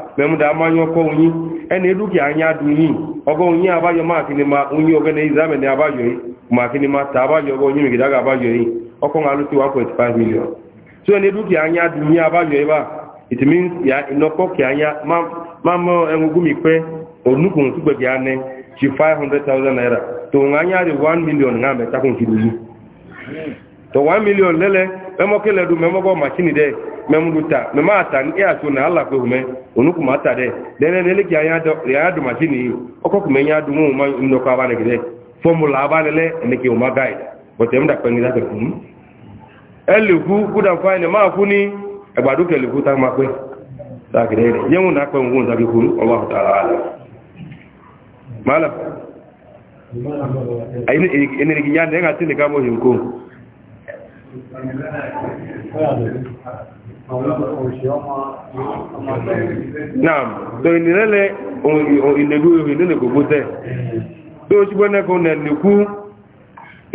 amanya manya ọkọ eni ẹna e eduki anya dunyi unyi onyi abayọ makini ma onyi oge na izamen na abayọ yi makini ma ta abayọ ọgọ onyi megide aga abayọ yi ọkọ nga 1.5 million so ẹna e eduki anya dunyi abayọ yi ba it means ya anya ma mọ ẹnwugwu enugu pe onukun tukpe ki ane chi 500,000 naira to nga anya dị 1 million nga to 1 million lele memokeledu memogbo machini dee memruta meme ata ndị atụ na ala kwehume onukwu ma ata de dene nele ki anya ya do do mu ma ndoko abane gide formula abane le ne ki uma da pengi da ko ne ma ku ni ke leku ta ma pe ta gide de yemu na pe ngun za ki ku Allah ta'ala ala mala ene ki ngati ne naam to ìnìlẹ́lẹ̀ ìnẹ̀lú ìhìn nílẹ̀ gbogbo tẹ́ tó ó ṣígbọ́n ya nẹ̀lẹ̀kú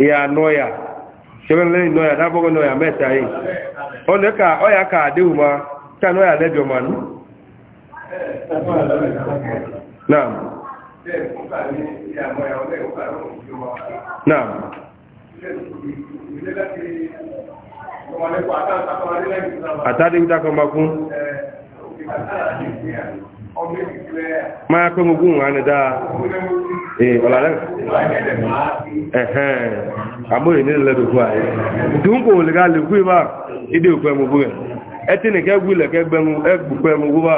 ìyànọ́yà ṣẹ́gbẹ́lẹ́ ìnọ́yà dábọ́gọ́ nọ́yà mẹ́ta yìí ọ̀nẹ́ka ọ̀yà ka àdéhùn ma ká nọ́yà lẹ́jọ ma ní naam naam àtàdé ìdá kan máa kún máa pẹ́ gbogbo wọn ni dáa ọ̀làlẹ́ ẹ̀hẹ́n àmóyè ní ìlẹ́dùkú ààyè dùn kò lè lè kú ide ìdí òpẹ́ gbogbo ẹ̀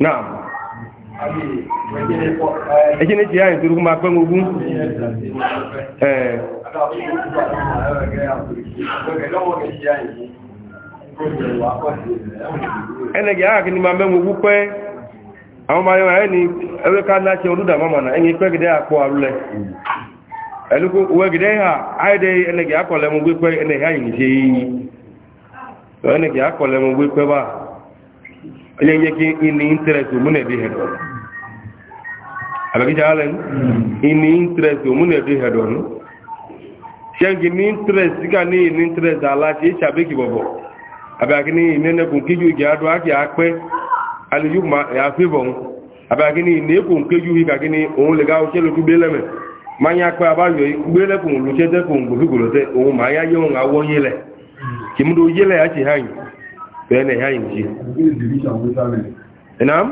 náà ẹjẹ́ ní ti yá ìtorí kó máa pẹ́ ogún ẹnẹ̀gẹ̀ ààkì ni máa mẹ́wọ̀n ogún pẹ́ àwọn ọmọ ayọ́wà ẹni ẹwẹ́ ká náà ṣe olúdà mọ́mọ̀nà ya pẹ́ gẹ̀dẹ́ elu àrúlẹ̀ we owó gẹ̀dẹ́ ha áìdẹ́ ẹnẹ̀gẹ̀ àkọlẹ̀mọ̀ gbé pẹ́ ẹnẹ̀gẹ̀ àyìn ṣe yìí ẹnẹ̀gẹ̀ àkọlẹ̀mọ̀ gbé pẹ́ báà onye nye gị ini interest omunebi hedon abagija ini interest omunebi hedon ṣe gị interest ka ní ini interest aláṣẹ ìṣàbẹ́kì bọ̀bọ̀ abagí ní ìnẹ́nẹ́kùn kéjú ìgì adó ákì apẹ́ alìyú ma àfíbọ̀n abagí ní ni kéjú ìgà gí ní òun ni gáwọ́ ṣe lókú gbélẹ̀mẹ̀ ma ń yá pé abáyọ̀ gbélẹ̀kùn lóṣẹ́tẹ́kùn ma yá yẹ́ òun àwọ́ yẹ́lẹ̀ kìmúdó bẹ́ẹ̀ni ya ìjì ẹ̀nàm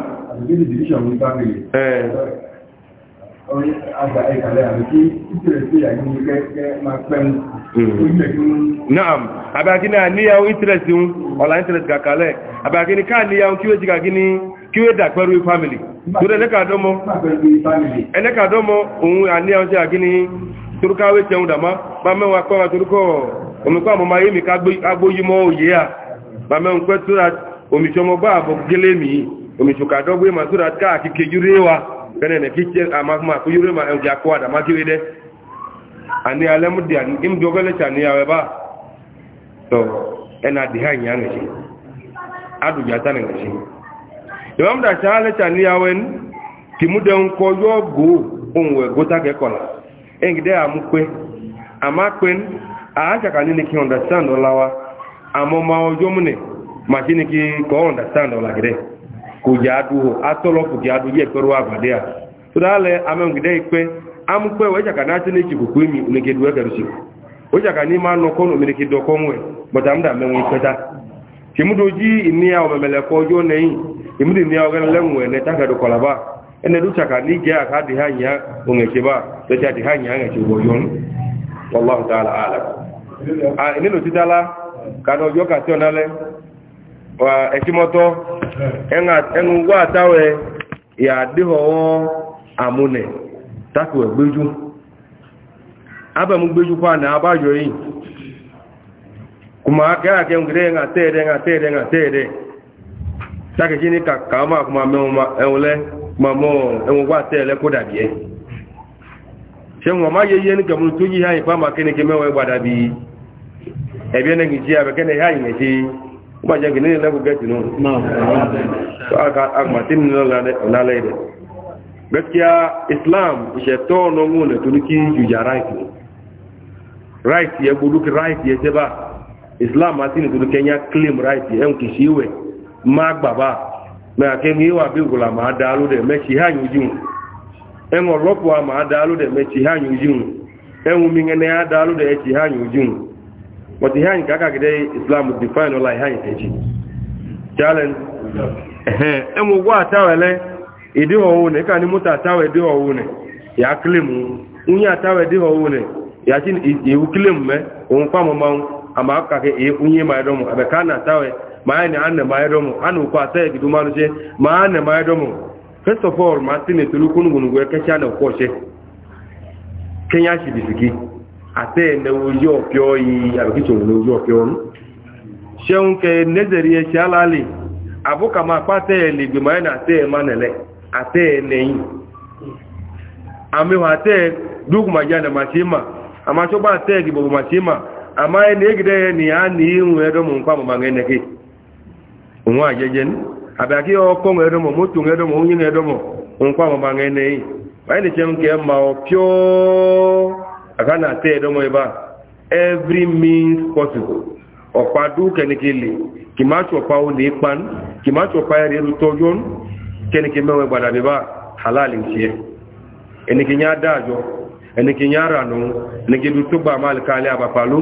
i abaki na niyawo interest un ọ̀la interest kakalẹ̀ abaki ni ká niyawo kí kí o dà pẹ̀lú family tó dẹ̀ lẹ́kàdọ́mọ́ ẹlẹ́kàdọ́mọ́ òun àníyàwó jìgà gíní torúkáwé tẹun dàmá bá mẹ́wàá kọ́ra torúkọ́ òmìnkọ́ àmọ́má yé mi ká gbóyí mọ́ à bàmẹ́ ń pẹ́ tóra omiṣọmọgbà àbọ̀ gélé mi omiṣọkàdọ́gbé ma tóra káàkiri kejúré wa nẹ̀ kí ma ẹ̀ǹkì àkọ́ àdàmá kéré dẹ́ àní alẹ́mùdí ìmùdógọ́lẹ́sà ní àwẹ̀ bá tọ̀ ẹ̀nà àdìhá ìyá nì ṣe adùjátá nì ṣe ìwàmùdà sàálẹ́sà ní kí amụma ọjọọ m ne ma chineke understand ọla gị kò jẹ adúgbò atọlọpù kí adúgbò ẹgbẹrún àgbàdé à tó dálẹ amẹngidẹ ìpẹ amúpẹ wọ ìjàkà náà tẹlẹ ìjìkò pé mi oníke dúró ẹgbẹrún sí ó jàkà ní máa nọ kọ́nù omi ní kí dọkọ́ ń wẹ̀ bọ̀tà ń dà mẹ́wọn pẹ́ta tìmúdojí ìníyà ọ̀mẹ̀mẹ̀lẹ̀kọ́ ọjọ́ kana ọjọ́ kàtí ọ̀nálẹ́ ẹ̀kímọ́tọ́ ẹ̀nù wà táwẹ̀ ìyàdíhọ̀wọ́ àmúnẹ̀ tákù ẹ̀gbéjú abẹ̀mú gbéjú pàánà abájọ yìí kùmà kẹ́àkẹ́ ǹgẹ́rẹ́ ẹ̀ngà tẹ́ẹ̀rẹ́ ẹ̀ngà tẹ́ẹ̀rẹ́ ẹ̀ngà tẹ́ẹ̀rẹ́ tákẹ̀kí ní kàkà máa kùmà ẹ̀wọ̀lẹ́ kùmà mọ́ ẹ̀wọ̀n wà kó dabi ẹ̀bí ẹni jẹ́ abẹ́kẹ́ ní ẹ̀yà ìyẹn ṣe gbàjẹ́ gẹ̀ẹ́ nílẹ̀ lẹ́gbẹ̀ẹ́ tí nù agbàtí nílẹ̀ islam ìṣẹ̀tọ́ ọ̀nàmú lè tó ní kí jùjà raitu right yẹ gbogbo kí right yẹ bá islam àti ní tó ní kẹ́nyà claim right yẹ kì í ṣe ìwẹ̀ má gbà bá bí máa ẹ̀wọ̀n lọ́pọ̀ máa ẹ̀wọ̀n mi ń wata ihe anyị ka aka gida islam define ụla ihe anyị echi challenge enwe ụgwọ atawele ịdị ọwụne ka ndị moto atawe dị ọwụne ya klim onye atawe dị ọwụne ya chi iwu me onwekwa mmanwụ ama aka ka onye ma abe ka a na-atawe ma anyị na anne ma edomu a na ụkwa ata ebido mmanụche ma anne ma edomu first of all ma na etolu kwunugwunugwu ekechi a na ụkwọche kenya ate na ojú ọ̀pẹ́ yìí àbíkíṣẹ́ a ojú ọ̀pẹ́ ọ̀nù ṣeun kẹ nẹ́zẹ̀rí ẹṣẹ́ aláàlè àbúkà máa ma ẹ̀ lè gbìmọ̀ ẹ̀ náà tẹ́ ẹ̀ má nẹ̀lẹ̀ àtẹ́ ẹ̀ nẹ̀yìn àmìhàn àtẹ́ ẹ̀ dúkùmàjá nà màṣí mà àmà ma ma tẹ́ egide gbìbọ̀ màṣí mà àmà ẹ̀ ní ẹ̀gìdẹ́ ẹ̀ ya na ọ aka na ate edomo eba every means possible ọ̀pá dú kẹnikẹ́lẹ̀ kì máa tí ọ̀pá ó lè pan kì máa tí ọ̀pá ẹ̀rẹ́ ẹ̀rù tọ́jọ́ kẹnikẹ́ mẹ́wọ̀n ìgbàdà bíbá halali ti ẹ̀ ẹnikẹ́ yá dáàjọ́ ẹnikẹ́ yá rànú abapalu, dú tó gbà máa lè kalẹ̀ àbàpàlú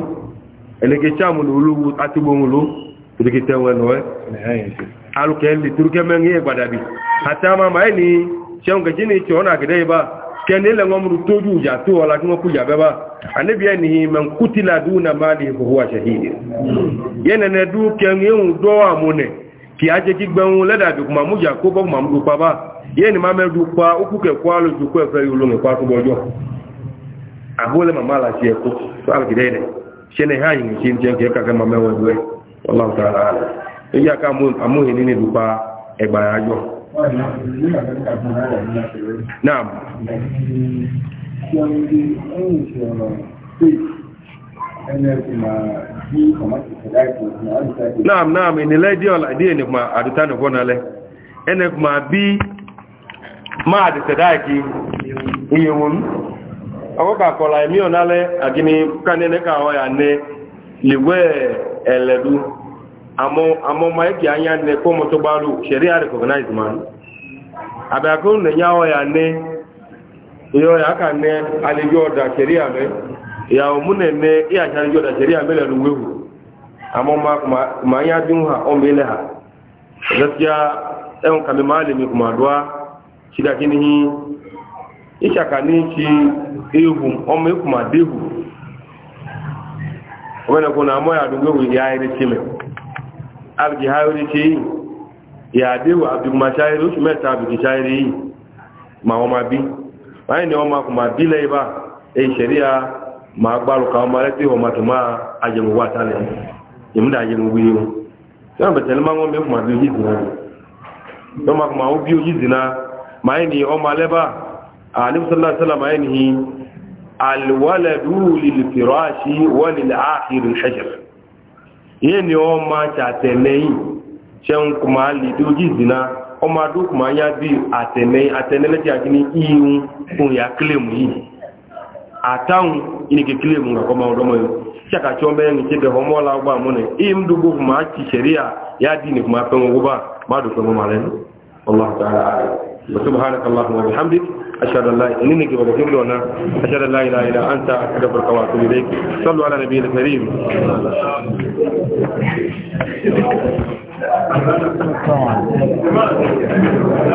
ẹnikẹ́ sàmùlò olówó àtúgbòmùlò turukẹ́ tẹ́wọ̀n ẹ̀ alùkẹ́ lè turukẹ́ mẹ́rin ìgbàdà bí àtàmàmà ẹ̀ ní sẹ́wọ̀n kẹni ilẹ̀ wọn múrù tójú ìjà tó wọ́la kí wọ́n kú ìjà bẹ́bá àníbí ẹni mẹ́n kútìlá dúnà máa lè fòwò àṣẹ̀hìdì yẹ́nẹ̀nẹ̀ dú kẹrin ehun dọ́wà múnẹ̀ kí á jẹ́ kí gbẹ̀hun lẹ́dàbí kùmà mújà kó bọ́ kùmà múrù pa bá yẹ́nì má mẹ́rù pa ó e kú kẹ̀kọ́ alójú kó ẹ̀fẹ́ yóò lómi pa tó bọ́jọ́ àbúlẹ̀ màmá àlàṣẹ ẹ̀kọ́ tó àlùkìdẹ́ ilẹ̀ ṣẹlẹ̀ ha yìí ṣe ń jẹ́ kẹ́ kàkẹ́ màmá ẹ̀wọ̀n ìlú ẹ̀ ọlọ́run tààrà rẹ̀ ó yà ká amóhìn nínú ìlú pa ẹgbàá ajọ́ Naam. Naam naam inile di ola di eni kuma adutani fona le. Ene kuma bi ma aduteda ki iye ka kola emi ka ne liwe eledu. amo amo maiki anya ne ko moto balu sheria recognize man abe ko ne yawo ya ne yo ya ka ne alijo da sheria me ya mune ne iya ja alijo da sheria me le luwehu amo ma ma ya dun ha o mele ha gaskiya ɗan kami malami kuma duwa shida kini ishaka ni ci ihu ọmọ ikuma dehu wọ́n na kò na mọ́ ya dùn gbogbo ìyá ẹni tí mẹ́ abigi hayori ke yi ya dewa abigi ma oṣù mẹ́ta abigi shayiri yi ma ọma bi báyìí ni ọma kò ma bí lẹ́yìn èyí ma gbárù ọma rẹ́pẹ́ tó máa ajẹmọ̀wó àtàlẹ̀ ìmúdà ajẹmọ̀wó yìí wọn bẹ̀tẹ̀ wọn ma ma ihe ni ọ ma ṣe àtẹ̀lẹ́yìn ṣẹun kò máa lè tó jìzìnà ọmọ adó kò máa yá bí àtẹ̀lẹ́yìn àtẹ̀lẹ́lẹ́tì ya ní ihun fún ìyá kílèmù yìí àtàwọn ìnìkè kílèmù ọkọ̀ máa ọdọ́mọ yìí ṣàkàtúwọ́ mẹ́rin ṣe bẹ̀rẹ̀ ọmọ أشهد أن لا إله إلا أنت أستغفرك وأتوب إليك أشهد أن لا إله إلا أنت أستغفرك وأتوب إليك صلوا على نبينا الكريم